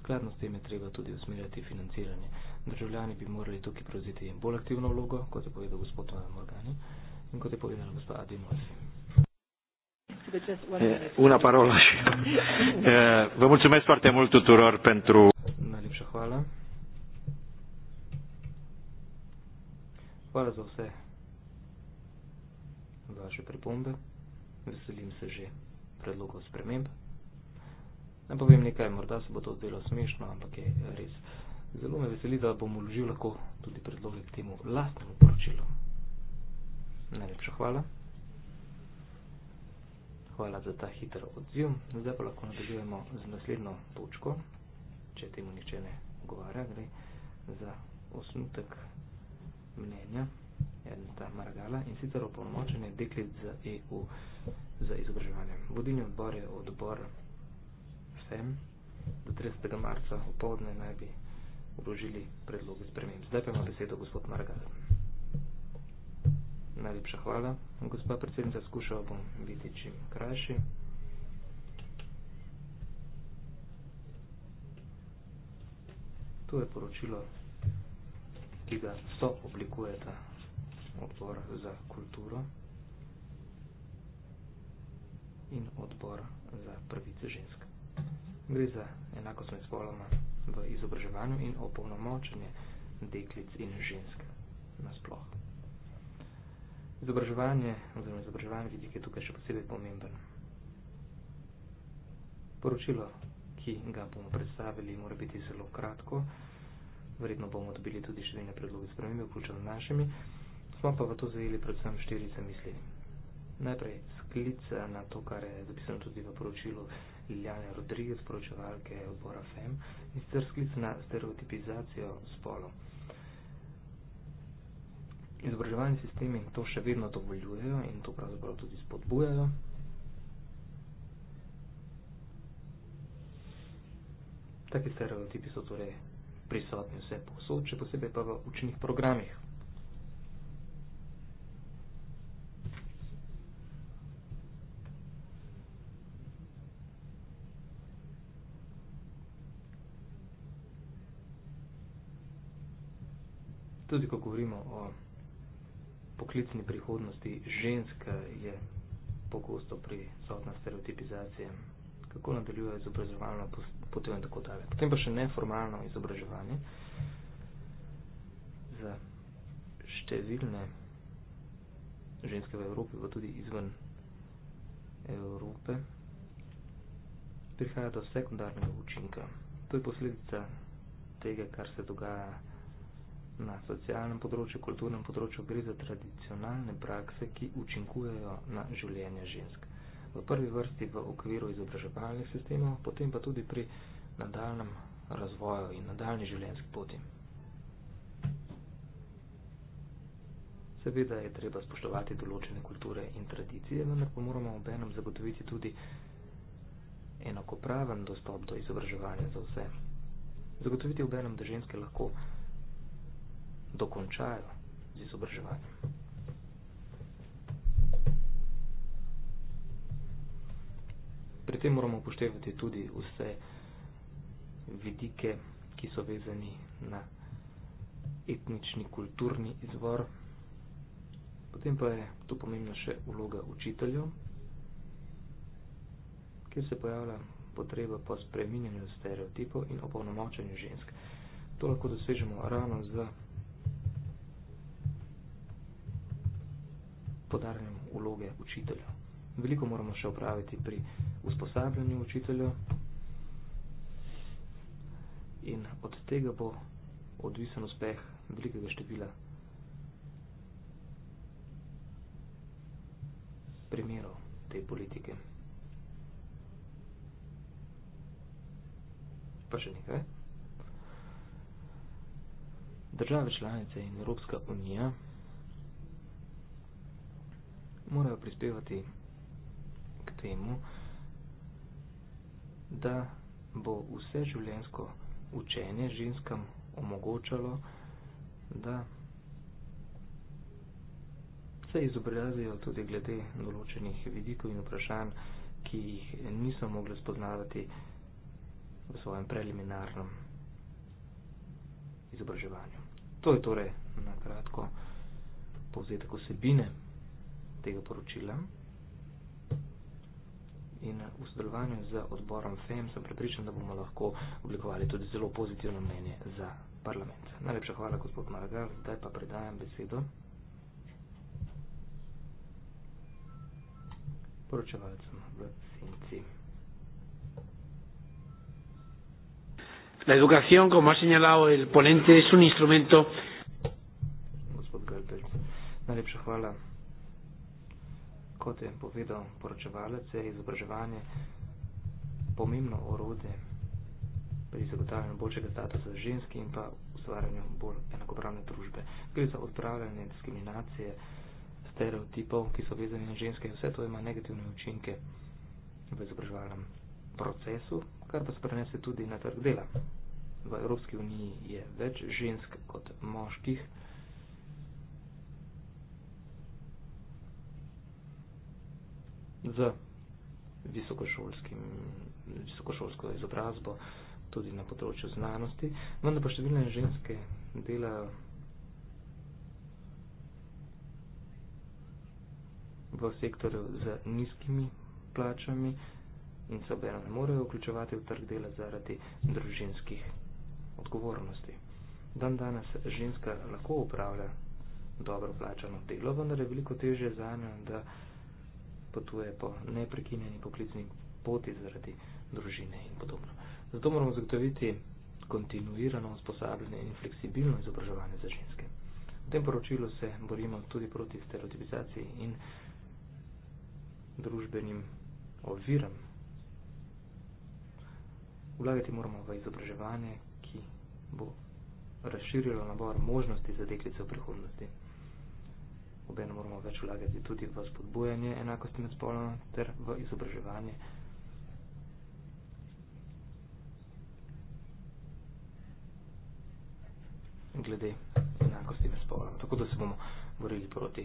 S3: Skladno s tem je treba tudi usmerjati financiranje. Državljani bi morali tukaj prevzeti bolj aktivno vlogo, kot je povedal gospod Morgani in kot je povedala gospod Adi Morfim.
S1: Eh, una parola și.
S2: Eh, vă mulțumesc foarte mult tuturor pentru. Najlepša hvala.
S3: Hvala za vse vaše pripombe. Veselim se že predlogov sprememb. Ne povem nekaj, morda se bo to zdelo smešno, ampak je res. Zelo me veseli, da bom vložil lahko tudi predloge k temu lastnemu poročilu. Najlepša hvala hvala za ta hiter odziv. Zdaj pa lahko nadaljujemo z naslednjo točko, če temu niče ne govara, gre za osnutek mnenja Ernesta Maragala in sicer opolnomočenje deklic za EU za izobraževanje. Vodilni odbor je odbor vsem. Do 30. marca v povdne naj bi vložili predlog sprememb. Zdaj pa ima besedo gospod Maragala. Najlepša hvala, gospod predsednica. Skušal bom biti čim krajši. To je poročilo, ki ga so oblikujeta odbor za kulturo in odbor za prvice žensk. Gre za enako smo spoloma v izobraževanju in opolnomočenje deklic in žensk nasploh. Izobraževanje oziroma izobraževanje vidik je tukaj še posebej pomemben. Poročilo, ki ga bomo predstavili, mora biti zelo kratko. Verjetno bomo dobili tudi še nekaj predlogov in sprememb, vključno z našimi. Smo pa v to zajeli predvsem štiri zamisli. Najprej sklic na to, kar je zapisano tudi v poročilu Ljane Rodriguez, poročevalke odbora FEM, in sicer sklic na stereotipizacijo spolov izobraževalni sistemi to še vedno dovoljujejo in to pravzaprav tudi spodbujajo. Taki stereotipi so torej prisotni vse posod, še posebej pa v učnih programih. Tudi ko govorimo o poklicni prihodnosti žensk je pogosto prisotna stereotipizacija, kako nadaljujejo izobraževalno potjo in tako dalje. Potem pa še neformalno izobraževanje za številne ženske v Evropi, pa tudi izven Evrope, prihaja do sekundarnega učinka. To je posledica tega, kar se dogaja na socialnem področju, kulturnem področju gre za tradicionalne prakse, ki učinkujejo na življenje žensk. V prvi vrsti v okviru izobraževalnih sistemov, potem pa tudi pri nadaljem razvoju in nadaljni življenjski poti. Seveda je treba spoštovati določene kulture in tradicije, vendar pa moramo obenem zagotoviti tudi enakopraven dostop do izobraževanja za vse. Zagotoviti obenem, da ženske lahko dokončajo z izobraževanjem. Pri tem moramo upoštevati tudi vse vidike, ki so vezani na etnični, kulturni izvor. Potem pa je tu pomembna še vloga učiteljev, kjer se pojavlja potreba po spreminjanju stereotipov in opolnomočenju žensk. To lahko dosežemo ravno z podarjanjem uloge učitelja. Veliko moramo še opraviti pri usposabljanju učitelja in od tega bo odvisen uspeh velikega števila primerov te politike. Pa še nekaj. Države članice in Evropska unija morajo prispevati k temu, da bo vse življensko učenje ženskam omogočalo, da se izobrazijo tudi glede določenih vidikov in vprašanj, ki jih niso mogli spoznavati v svojem preliminarnem izobraževanju. To je torej na kratko povzetek osebine tega poročila. In v sodelovanju z odborom FEM sem pripričan, da bomo lahko oblikovali tudi zelo pozitivno mnenje za parlament. Najlepša hvala, gospod Maragal. Zdaj pa predajam besedo poročevalcem v Sinci. La educación, como ha señalado el ponente, es un instrumento. Gospod Galpec, najlepša hvala kot je povedal poročevalec, je izobraževanje pomembno orode pri zagotavljanju boljšega statusa ženski in pa ustvarjanju bolj enakopravne družbe. Gre za odpravljanje diskriminacije, stereotipov, ki so vezani na ženske in vse to ima negativne učinke v izobraževalnem procesu, kar pa se prenese tudi na trg dela. V Evropski uniji je več žensk kot moških. za visokošolsko izobrazbo, tudi na področju znanosti. Vendar pa številne ženske delajo v sektorju z nizkimi plačami in se obero ne morejo vključevati v trg dela zaradi družinskih odgovornosti. Dan danes ženska lahko upravlja dobro plačano delo, vendar je veliko teže za njo, da potuje po neprekinjeni poklicni poti zaradi družine in podobno. Zato moramo zagotoviti kontinuirano usposabljanje in fleksibilno izobraževanje za ženske. V tem poročilu se borimo tudi proti stereotipizaciji in družbenim oviram. Vlagati moramo v izobraževanje, ki bo razširilo nabor možnosti za deklice v prihodnosti obenem moramo več vlagati tudi v spodbujanje enakosti med spoloma ter v izobraževanje. glede enakosti med spolom, tako da se bomo borili proti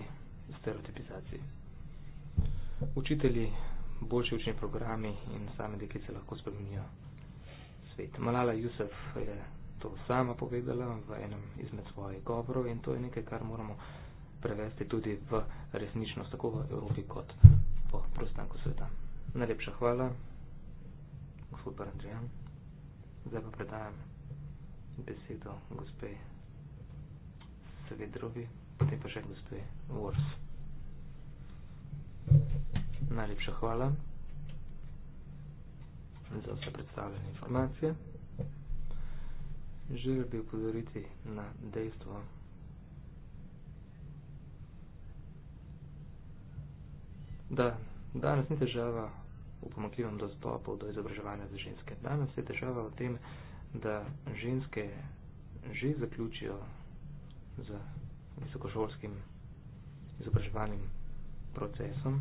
S3: stereotipizaciji. Učitelji, boljši učni programi in same deklice lahko spremenijo svet. Malala Jusef je to sama povedala v enem izmed svojih govorov in to je nekaj, kar moramo prevesti tudi v resničnost, tako v Evropi kot po prostanku sveta. Najlepša hvala, gospod Barandžan. Zdaj pa predajam besedo gospe Svedrovi, potem pa še gospe Wors. Najlepša hvala za vse predstavljene informacije. Želel bi upozoriti na dejstvo, da danes ni težava v pomakljivem dostopu do izobraževanja za ženske. Danes je težava v tem, da ženske že zaključijo z visokošolskim izobraževalnim procesom.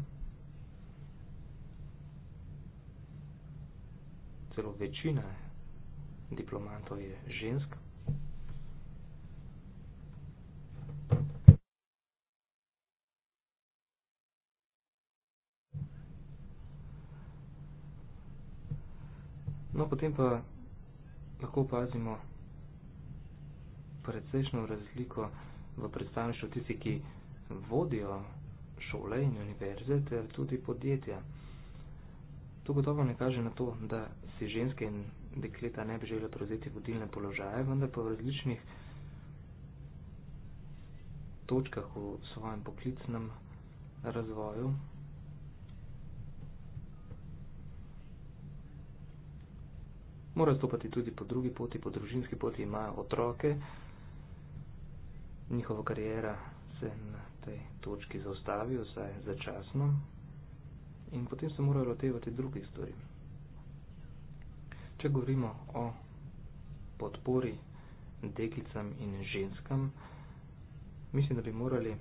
S3: Celo večina diplomantov je ženska, No, potem pa lahko opazimo precejšno razliko v predstavništvu tistih, ki vodijo šole in univerze ter tudi podjetja. To gotovo ne kaže na to, da si ženske in dekleta ne bi želeli prevzeti vodilne položaje, vendar pa v različnih točkah v svojem poklicnem razvoju morajo stopati tudi po drugi poti, po družinski poti, imajo otroke, njihova karijera se na tej točki zaustavi, vsaj začasno, in potem se morajo lotevati drugih stvari. Če govorimo o podpori deklicam in ženskam, mislim, da bi morali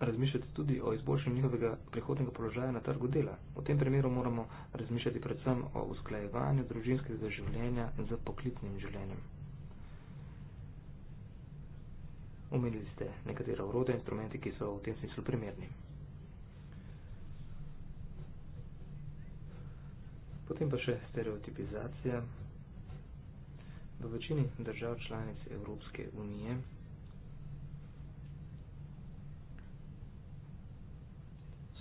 S3: razmišljati tudi o izboljšanju njihovega prihodnega položaja na trgu dela. V tem primeru moramo razmišljati predvsem o usklajevanju družinskega življenja z poklicnim življenjem. Umenili ste nekatera urode, instrumenti, ki so v tem smislu primerni. Potem pa še stereotipizacija. V večini držav članic Evropske unije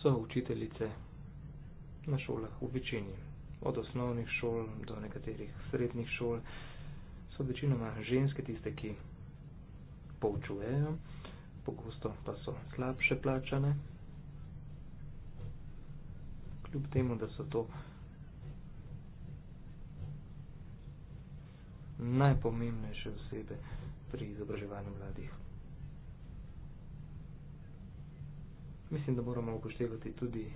S3: so učiteljice na šolah v večini, od osnovnih šol do nekaterih srednjih šol, so večinoma ženske tiste, ki poučujejo, pogosto pa so slabše plačane, kljub temu, da so to najpomembnejše osebe pri izobraževanju mladih. mislim, da moramo upoštevati tudi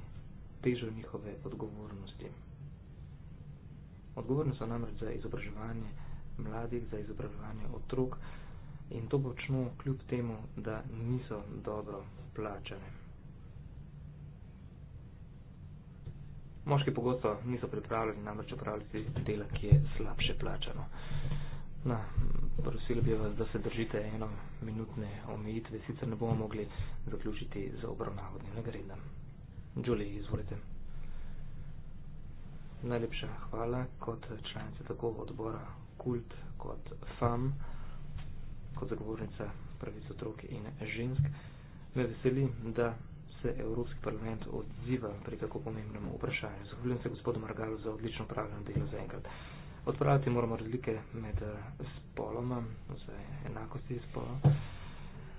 S3: težo njihove odgovornosti. Odgovorni so namreč za izobraževanje mladih, za izobraževanje otrok in to počno kljub temu, da niso dobro plačane. Moški pogosto niso pripravljeni namreč opravljati dela, ki je slabše plačano. Na, prosil bi vas, da se držite eno minutne omejitve, sicer ne bomo mogli zaključiti za obravnavo dnevnega reda. Julie, izvolite. Najlepša hvala kot članice tako odbora Kult kot FAM, kot zagovornica pravic otrok in žensk. Me veseli, da se Evropski parlament odziva pri tako pomembnem vprašanju. Zahvaljujem se gospodu Margalu za odlično pravilno delo zaenkrat. enkrat. Odpraviti moramo razlike med eh, spoloma, oziroma torej enakosti spolov.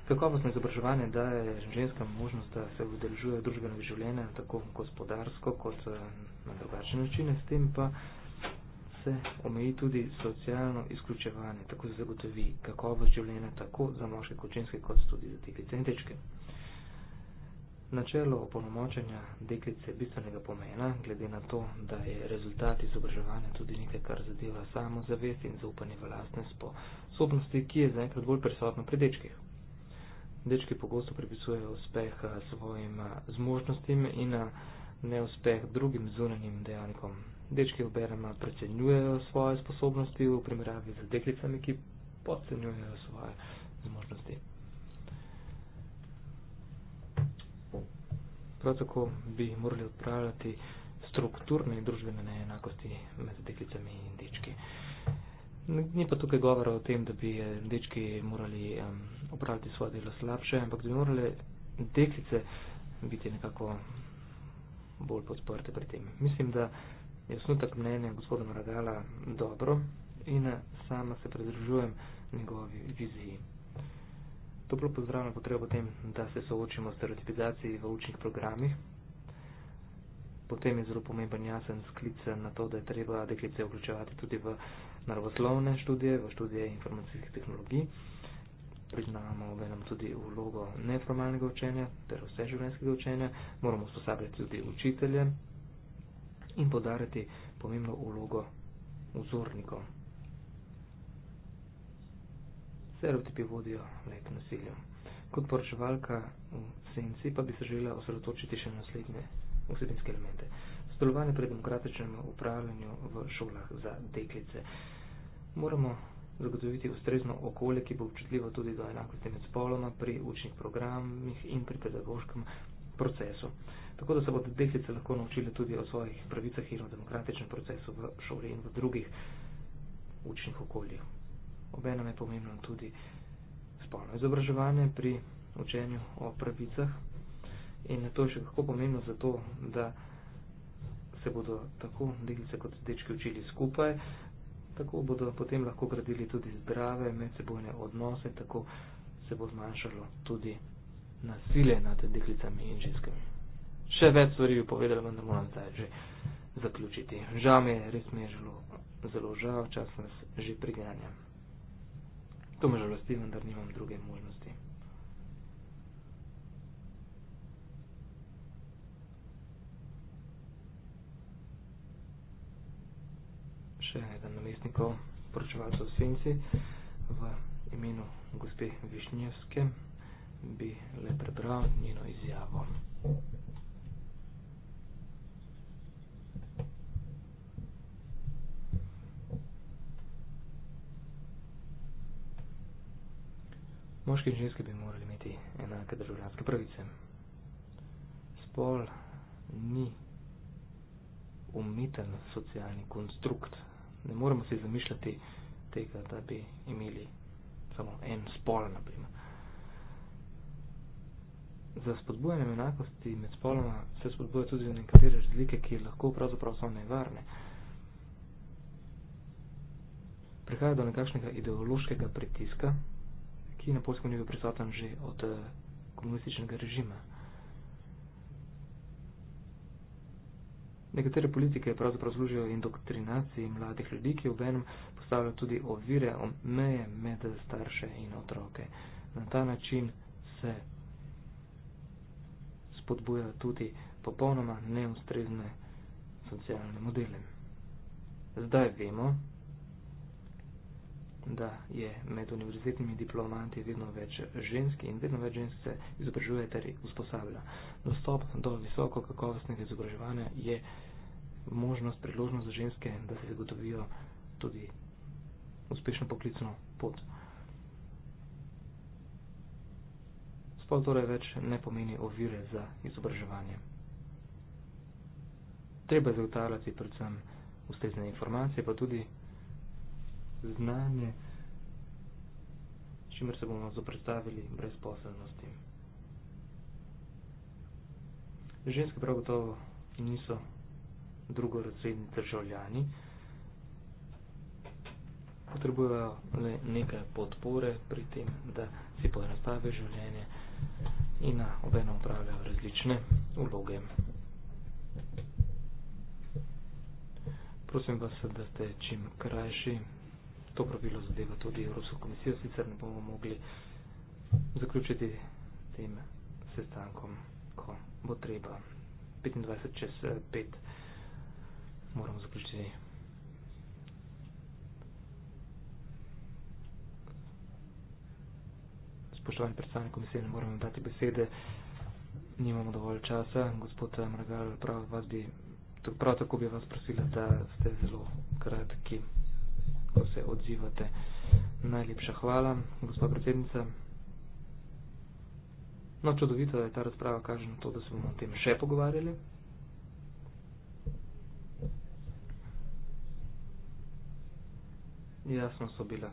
S3: Kakovostno izobraževanje daje ženskam možnost, da se udeležujejo družbenega življenja, tako gospodarsko kot eh, na drugačne načine, s tem pa se omeji tudi socialno izključevanje, tako se zagotovi kakovost življenja tako za moške kot ženske, kot tudi za te licenčke. Načelo opolnomočenja deklice bistvenega pomena, glede na to, da je rezultat izobraževanja tudi nekaj, kar zadeva samo zavest in zaupanje v lastne sposobnosti, ki je zaenkrat bolj prisotno pri dečkih. Dečki pogosto pripisujejo uspeh eh, svojim eh, zmožnostim in eh, neuspeh drugim zunanjim dejankom. Dečki obenem precenjujejo svoje sposobnosti v primerjavi z deklicami, ki podcenjujejo svoje zmožnosti. Prav tako bi morali odpravljati strukturne in družbene neenakosti med deklicami in dečki. Ni pa tukaj govora o tem, da bi eh, dečki morali um, opraviti svoje delo slabše, ampak da bi morale deklice biti nekako bolj podporte pri tem. Mislim, da je snutek mnenja gospoda Maragala dobro in eh, sama se pridružujem njegovi viziji. Toplo pozdravljam potrebo potem, da se soočimo s stereotipizacijo v učnih programih. Potem je zelo pomemben jasen sklic na to, da je treba deklice vključevati tudi v naravoslovne študije, v študije informacijskih tehnologij. Priznamo obenem tudi vlogo neformalnega učenja ter vseživljenjskega učenja. Moramo usposabljati tudi učitelje in podarjati pomembno vlogo vzornikov stereotipi vodijo le k nasilju. Kot poročevalka v senci pa bi se želela osredotočiti še na naslednje vsebinske elemente. Sodelovanje pri demokratičnem upravljanju v šolah za deklice. Moramo zagotoviti ustrezno okolje, ki bo občutljivo tudi do enakosti med spoloma pri učnih programih in pri pedagoškem procesu. Tako da se bodo deklice lahko naučile tudi o svojih pravicah in o demokratičnem procesu v šoli in v drugih učnih okoljih obenem je pomembno tudi spolno izobraževanje pri učenju o pravicah in to je še kako pomembno zato, da se bodo tako deklice kot dečki učili skupaj, tako bodo potem lahko gradili tudi zdrave medsebojne odnose, tako se bo zmanjšalo tudi nasilje nad deklicami in ženskami. Še več stvari bi povedala, vendar moram zdaj že zaključiti. Žal mi je, res mi je žalo, zelo žal, čas nas že priganja. To me žalosti, vendar nimam druge možnosti. Še eden namestnikov poročevalcev v Svinci v imenu gospe Višnjevske bi le prebral njeno izjavo. Thank you. Moški in ženske bi morali imeti enake državljanske pravice. Spol ni umiten socialni konstrukt. Ne moremo si zamišljati tega, da bi imeli samo en spol, naprimer. Za spodbujanje enakosti med spoloma se spodbuja tudi nekatere razlike, ki lahko pravzaprav so nevarne. Prihaja do nekakšnega ideološkega pritiska, ki na Poljskem ni bil prisoten že od eh, komunističnega režima. Nekatere politike pravzaprav služijo indoktrinaciji mladih ljudi, ki obenem postavljajo tudi ovire, meje med starše in otroke. Na ta način se spodbuja tudi popolnoma neustrezne socialne modele. Zdaj vemo, da je med univerzitnimi diplomanti vedno več žensk in vedno več žensk se izobražuje ter usposablja. Dostop do visoko kakovostnega izobraževanja je možnost, priložnost za ženske, da se zagotovijo tudi uspešno poklicno pot. Spol torej več ne pomeni ovire za izobraževanje. Treba zagotavljati predvsem ustezne informacije, pa tudi znanje, s čimer se bomo zoprstavili brezposelnosti. Ženske prav gotovo niso drugorazredni državljani, potrebujejo le nekaj podpore pri tem, da si poenostavijo življenje in na obenem upravljajo različne vloge. Prosim vas, da ste čim krajši to pravilo zadeva tudi Evropsko komisijo, sicer ne bomo mogli zaključiti tem sestankom, ko bo treba 25 čez 5 eh, moramo zaključiti Spoštovani predstavnik komisije, ne moramo dati besede, nimamo dovolj časa. Gospod eh, Mragal, prav, vas bi, prav tako bi vas prosila, da ste zelo kratki ko se odzivate. Najlepša hvala, gospod predsednica. No, čudovito je, da ta razprava kaže na to, da se bomo o tem še pogovarjali. Jasno so bila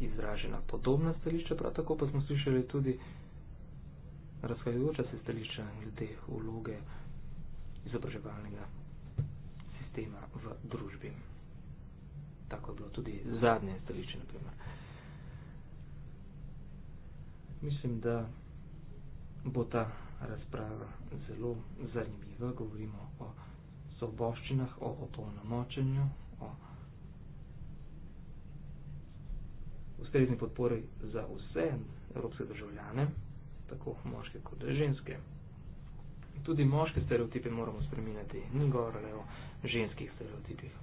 S3: izražena podobna stališča, prav tako pa smo slišali tudi razhajajoča se stališča glede vloge izobraževalnega sistema v družbi tako je bilo tudi zadnje stališče. Mislim, da bo ta razprava zelo zanimiva. Govorimo o soboščinah, o opolnomočenju, o ustrezni podpori za vse evropske državljane, tako moške kot ženske. Tudi moške stereotipe moramo spremeniti, ni govora le o ženskih stereotipih.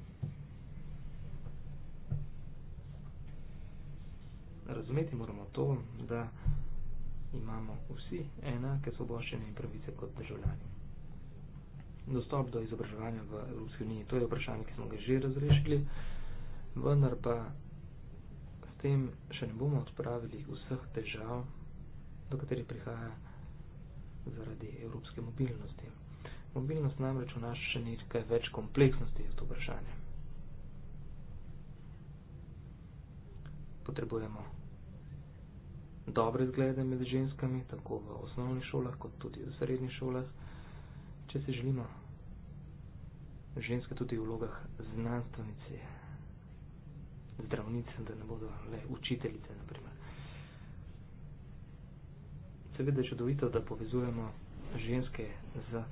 S3: razumeti moramo to, da imamo vsi enake svoboščine in pravice kot državljani. Dostop do izobraževanja v Evropski uniji, to je vprašanje, ki smo ga že razrešili, vendar pa s tem še ne bomo odpravili vseh težav, do katerih prihaja zaradi evropske mobilnosti. Mobilnost namreč vnaša še nekaj več kompleksnosti v to vprašanje. Potrebujemo dobre zglede med ženskami, tako v osnovnih šolah, kot tudi v srednjih šolah, če se želimo ženske tudi v vlogah znanstvenice, zdravnice, da ne bodo le učiteljice, naprimer. Seveda je čudovito, da povezujemo ženske z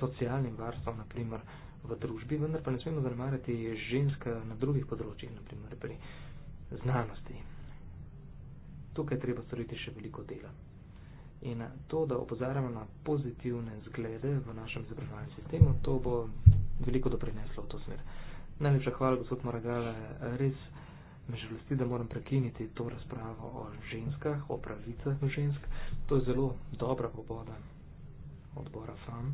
S3: socialnim varstvom, naprimer v družbi, vendar pa ne smemo zanemariti ženska na drugih področjih, naprimer pri znanosti. Tukaj je treba storiti še veliko dela. In to, da opozarjamo na pozitivne zglede v našem izobraževalnem sistemu, to bo veliko doprineslo v to smer. Najlepša hvala, gospod Moragale. Res me žalosti, da moram prekiniti to razpravo o ženskah, o pravicah žensk. To je zelo dobra pobuda odbora FAM.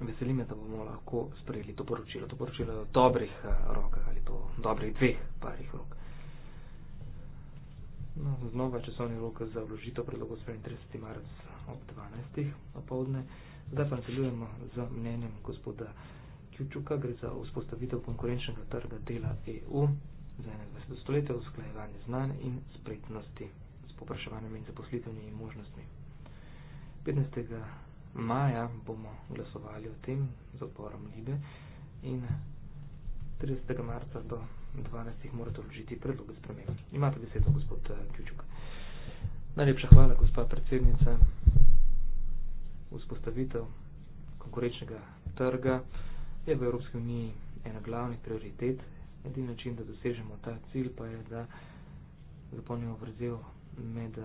S3: Veseli me, da bomo lahko sprejeli to poročilo. To poročilo je v dobrih eh, rokah ali po dobrih dveh parih rok. No, znova časovni rok za vložitev predlogov s 31. marec ob 12. opovdne. Zdaj pa nadaljujemo z mnenjem gospoda Kjučuka. Gre za vzpostavitev konkurenčnega trga dela EU za 21. stoletje, usklajevanje znanja in spretnosti s popraševanjem in zaposlitvenimi možnostmi. 15 maja bomo glasovali o tem z odborom Libe in 30. marca do 12. morate vložiti predlog spremembe. Imate besedo, gospod eh, Ključuk. Najlepša hvala, gospa predsednica. Vzpostavitev konkurenčnega trga je v Evropski uniji ena glavnih prioritet. Edini način, da dosežemo ta cilj, pa je, da zapolnimo vrzel med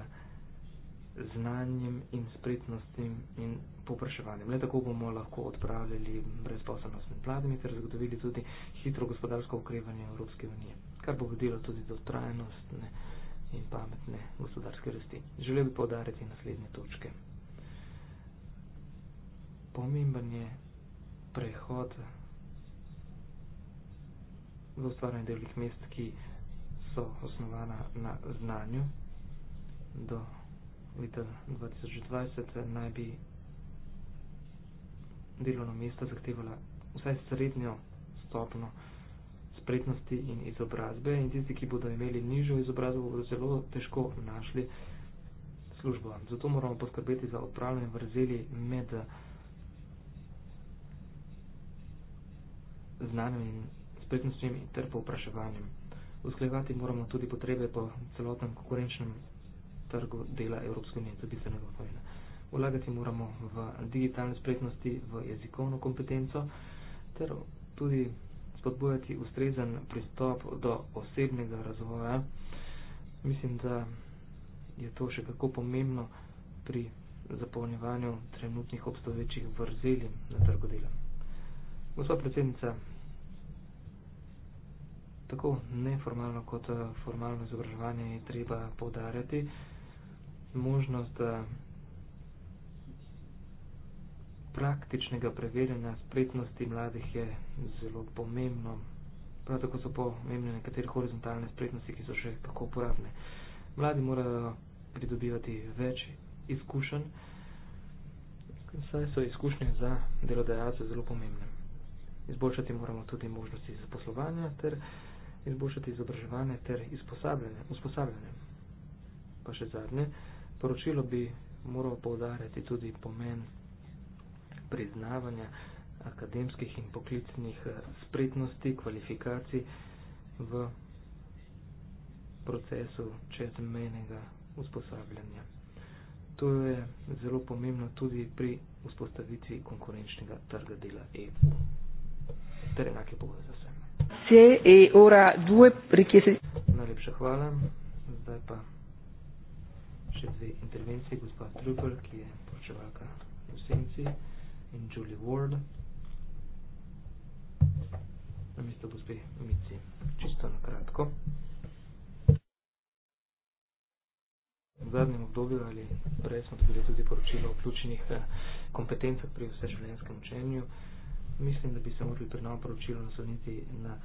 S3: znanjem in spretnostim in popraševanjem. Le tako bomo lahko odpravljali brezposobnost med mladimi ter zagotovili tudi hitro gospodarsko okrevanje Evropske unije, kar bo vodilo tudi do trajnostne in pametne gospodarske rasti. Želel bi povdariti naslednje točke. Pomemben je prehod v ustvarjanje delovnih mest, ki so osnovana na znanju do leta 2020 naj bi delovno mesto zahtevala vsaj srednjo stopno spretnosti in izobrazbe in tisti, ki bodo imeli nižjo izobrazbo, bodo zelo težko našli službo. Zato moramo poskrbeti za odpravljanje vrzeli med znanjem in spretnostjem ter povpraševanjem. Usklejevati moramo tudi potrebe po celotnem konkurenčnem trgu dela Evropske unije, to je bistvenega pomena. Vlagati moramo v digitalne spretnosti, v jezikovno kompetenco ter tudi spodbujati ustrezen pristop do osebnega razvoja. Mislim, da je to še kako pomembno pri zapolnjevanju trenutnih obstoječih vrzeli na trgu dela. Gospod predsednica, tako neformalno kot eh, formalno izobraževanje je treba podarjati možnost eh, praktičnega preverjanja spretnosti mladih je zelo pomembno. Prav tako so pomembne nekatere horizontalne spretnosti, ki so še kako uporabne. Mladi morajo pridobivati več izkušenj, saj so izkušnje za delodajalce zelo pomembne. Izboljšati moramo tudi možnosti zaposlovanja ter izboljšati izobraževanje ter usposabljanje. Pa še zadnje. Poročilo bi moralo povdarjati tudi pomen priznavanja akademskih in poklicnih eh, spretnosti, kvalifikacij v procesu čezmenega usposabljanja. To je zelo pomembno tudi pri vzpostavitvi konkurenčnega trga dela EU. Ter enake pogoje za
S1: vse. E
S3: Najlepša hvala. Zdaj pa še dve intervencije, gospod Trupel, ki je počevalka v senci, in Julie Ward, na mesto gospe Mici, čisto na kratko. V zadnjem obdobju ali prej smo dobili tudi poročilo o ključnih eh, kompetencah pri vseživljenjskem učenju. Mislim, da bi se morali pri novo poročilo nasloniti na, na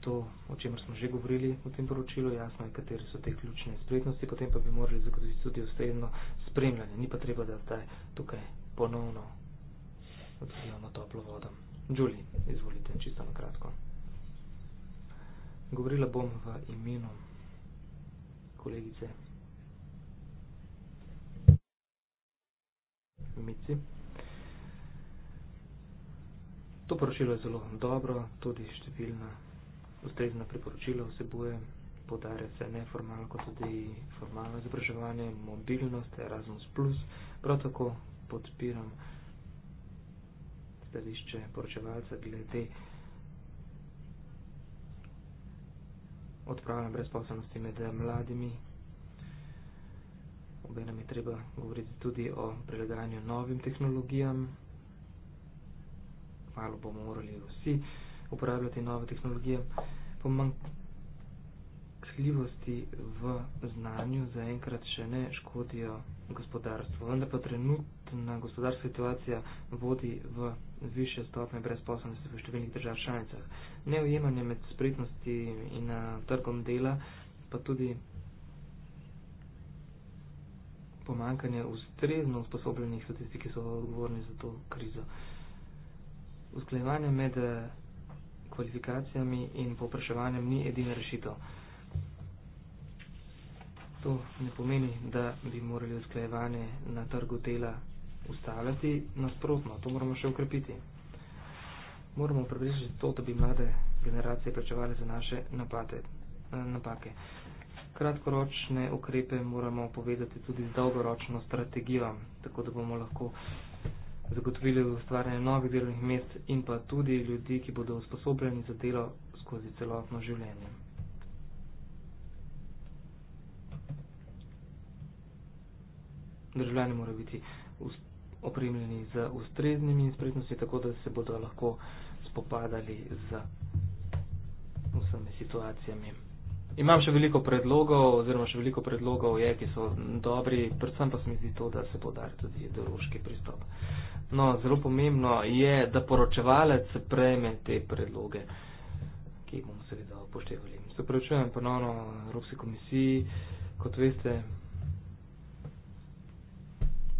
S3: to, o čemer smo že govorili v tem poročilu, jasno je, katere so te ključne spretnosti, potem pa bi morali zagotoviti tudi ustrezno spremljanje. Ni pa treba, da zdaj tukaj ponovno odsijamo toplo vodo. Đuli, izvolite, čisto na kratko. Govorila bom v imenu kolegice Mici. To poročilo je zelo dobro, tudi številna ustrezna priporočila vsebuje, podarja se neformalno kot tudi formalno izobraževanje, mobilnost, Erasmus+, prav tako podpiram stališče poročevalca glede odpravljanja brezposobnosti med mladimi. Obenem je treba govoriti tudi o prilagajanju novim tehnologijam. Hvala bomo morali vsi uporabljati nove tehnologije. Pomankljivosti v znanju zaenkrat še ne škodijo gospodarstvo. Vendar pa trenutna gospodarska situacija vodi v više stopne brezposobnosti v številnih držav članicah. Neujemanje med spretnosti in eh, trgom dela, pa tudi pomankanje ustrezno usposobljenih statistik, ki so odgovorni za to krizo. Usklajevanje med eh, kvalifikacijami in popraševanjem ni edina rešitev. To ne pomeni, da bi morali usklajevanje na trgu dela ustavljati, nasprotno, to moramo še ukrepiti. Moramo preprečiti to, da bi mlade generacije plačevali za naše napate, eh, napake. Kratkoročne ukrepe moramo povezati tudi z dolgoročno strategijo, tako da bomo lahko zagotovili ustvarjanje novih delovnih mest in pa tudi ljudi, ki bodo usposobljeni za delo skozi celotno življenje. Državljani morajo biti opremljeni z ustreznimi spretnosti, tako da se bodo lahko spopadali z vsemi situacijami. Imam še veliko predlogov, oziroma še veliko predlogov je, ki so dobri, predvsem pa se mi zdi to, da se podari tudi ideološki pristop. Uh, No, zelo pomembno je, da poročevalec prejme te predloge, ki jih bomo seveda upoštevali. Se pravičujem ponovno Evropski komisiji, kot veste,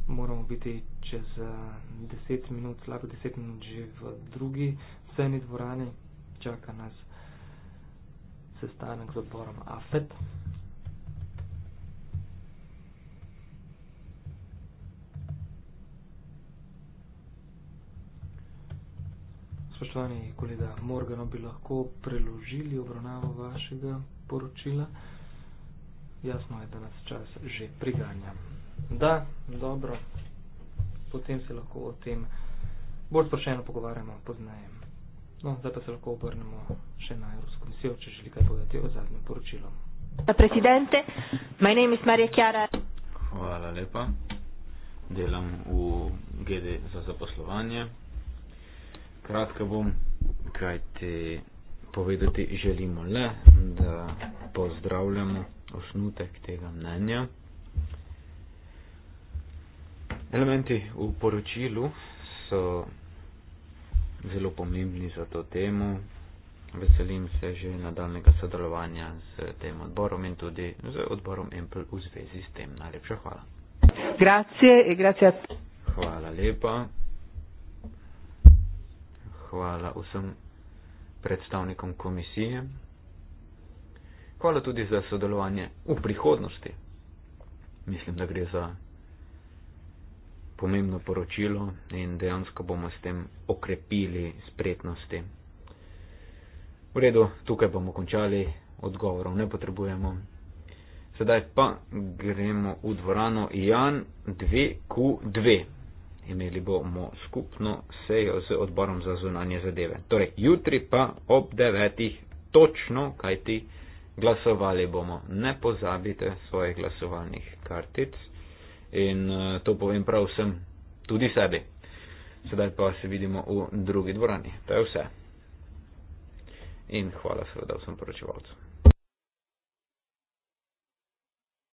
S3: moramo biti čez 10 eh, minut, slabo 10 minut že v drugi ceni dvorani, čaka nas sestanek z odborom AFET. Spoštovani kolega Morgano, bi lahko preložili obravnavo vašega poročila? Jasno je, da nas čas že priganja. Da, dobro, potem se lahko o tem bolj sprošeno pogovarjamo poznaje. No, zdaj pa se lahko obrnemo še na Evropsko komisijo, če želi kaj povedati o zadnjem poročilu.
S2: Hvala lepa. Delam v GD za zaposlovanje kratko bom, kaj ti povedati želimo le, da pozdravljamo osnutek tega mnenja. Elementi v poročilu so zelo pomembni za to temo. Veselim se že nadaljnega sodelovanja z tem odborom in tudi z odborom Empl v zvezi s tem. Najlepša hvala.
S1: Grazie, e grazie.
S2: Hvala lepa hvala vsem predstavnikom komisije. Hvala tudi za sodelovanje v prihodnosti. Mislim, da gre za pomembno poročilo in dejansko bomo s tem okrepili spretnosti. V redu, tukaj bomo končali, odgovorov ne potrebujemo. Sedaj pa gremo v dvorano Jan 2Q2 imeli bomo skupno sejo z odborom za zunanje zadeve. Torej, jutri pa ob devetih točno, kaj ti glasovali bomo. Ne pozabite svojih glasovalnih kartic in eh, to povem prav vsem, tudi sebi. Sedaj pa se vidimo v drugi dvorani. To je vse. In hvala seveda vsem poročevalcem.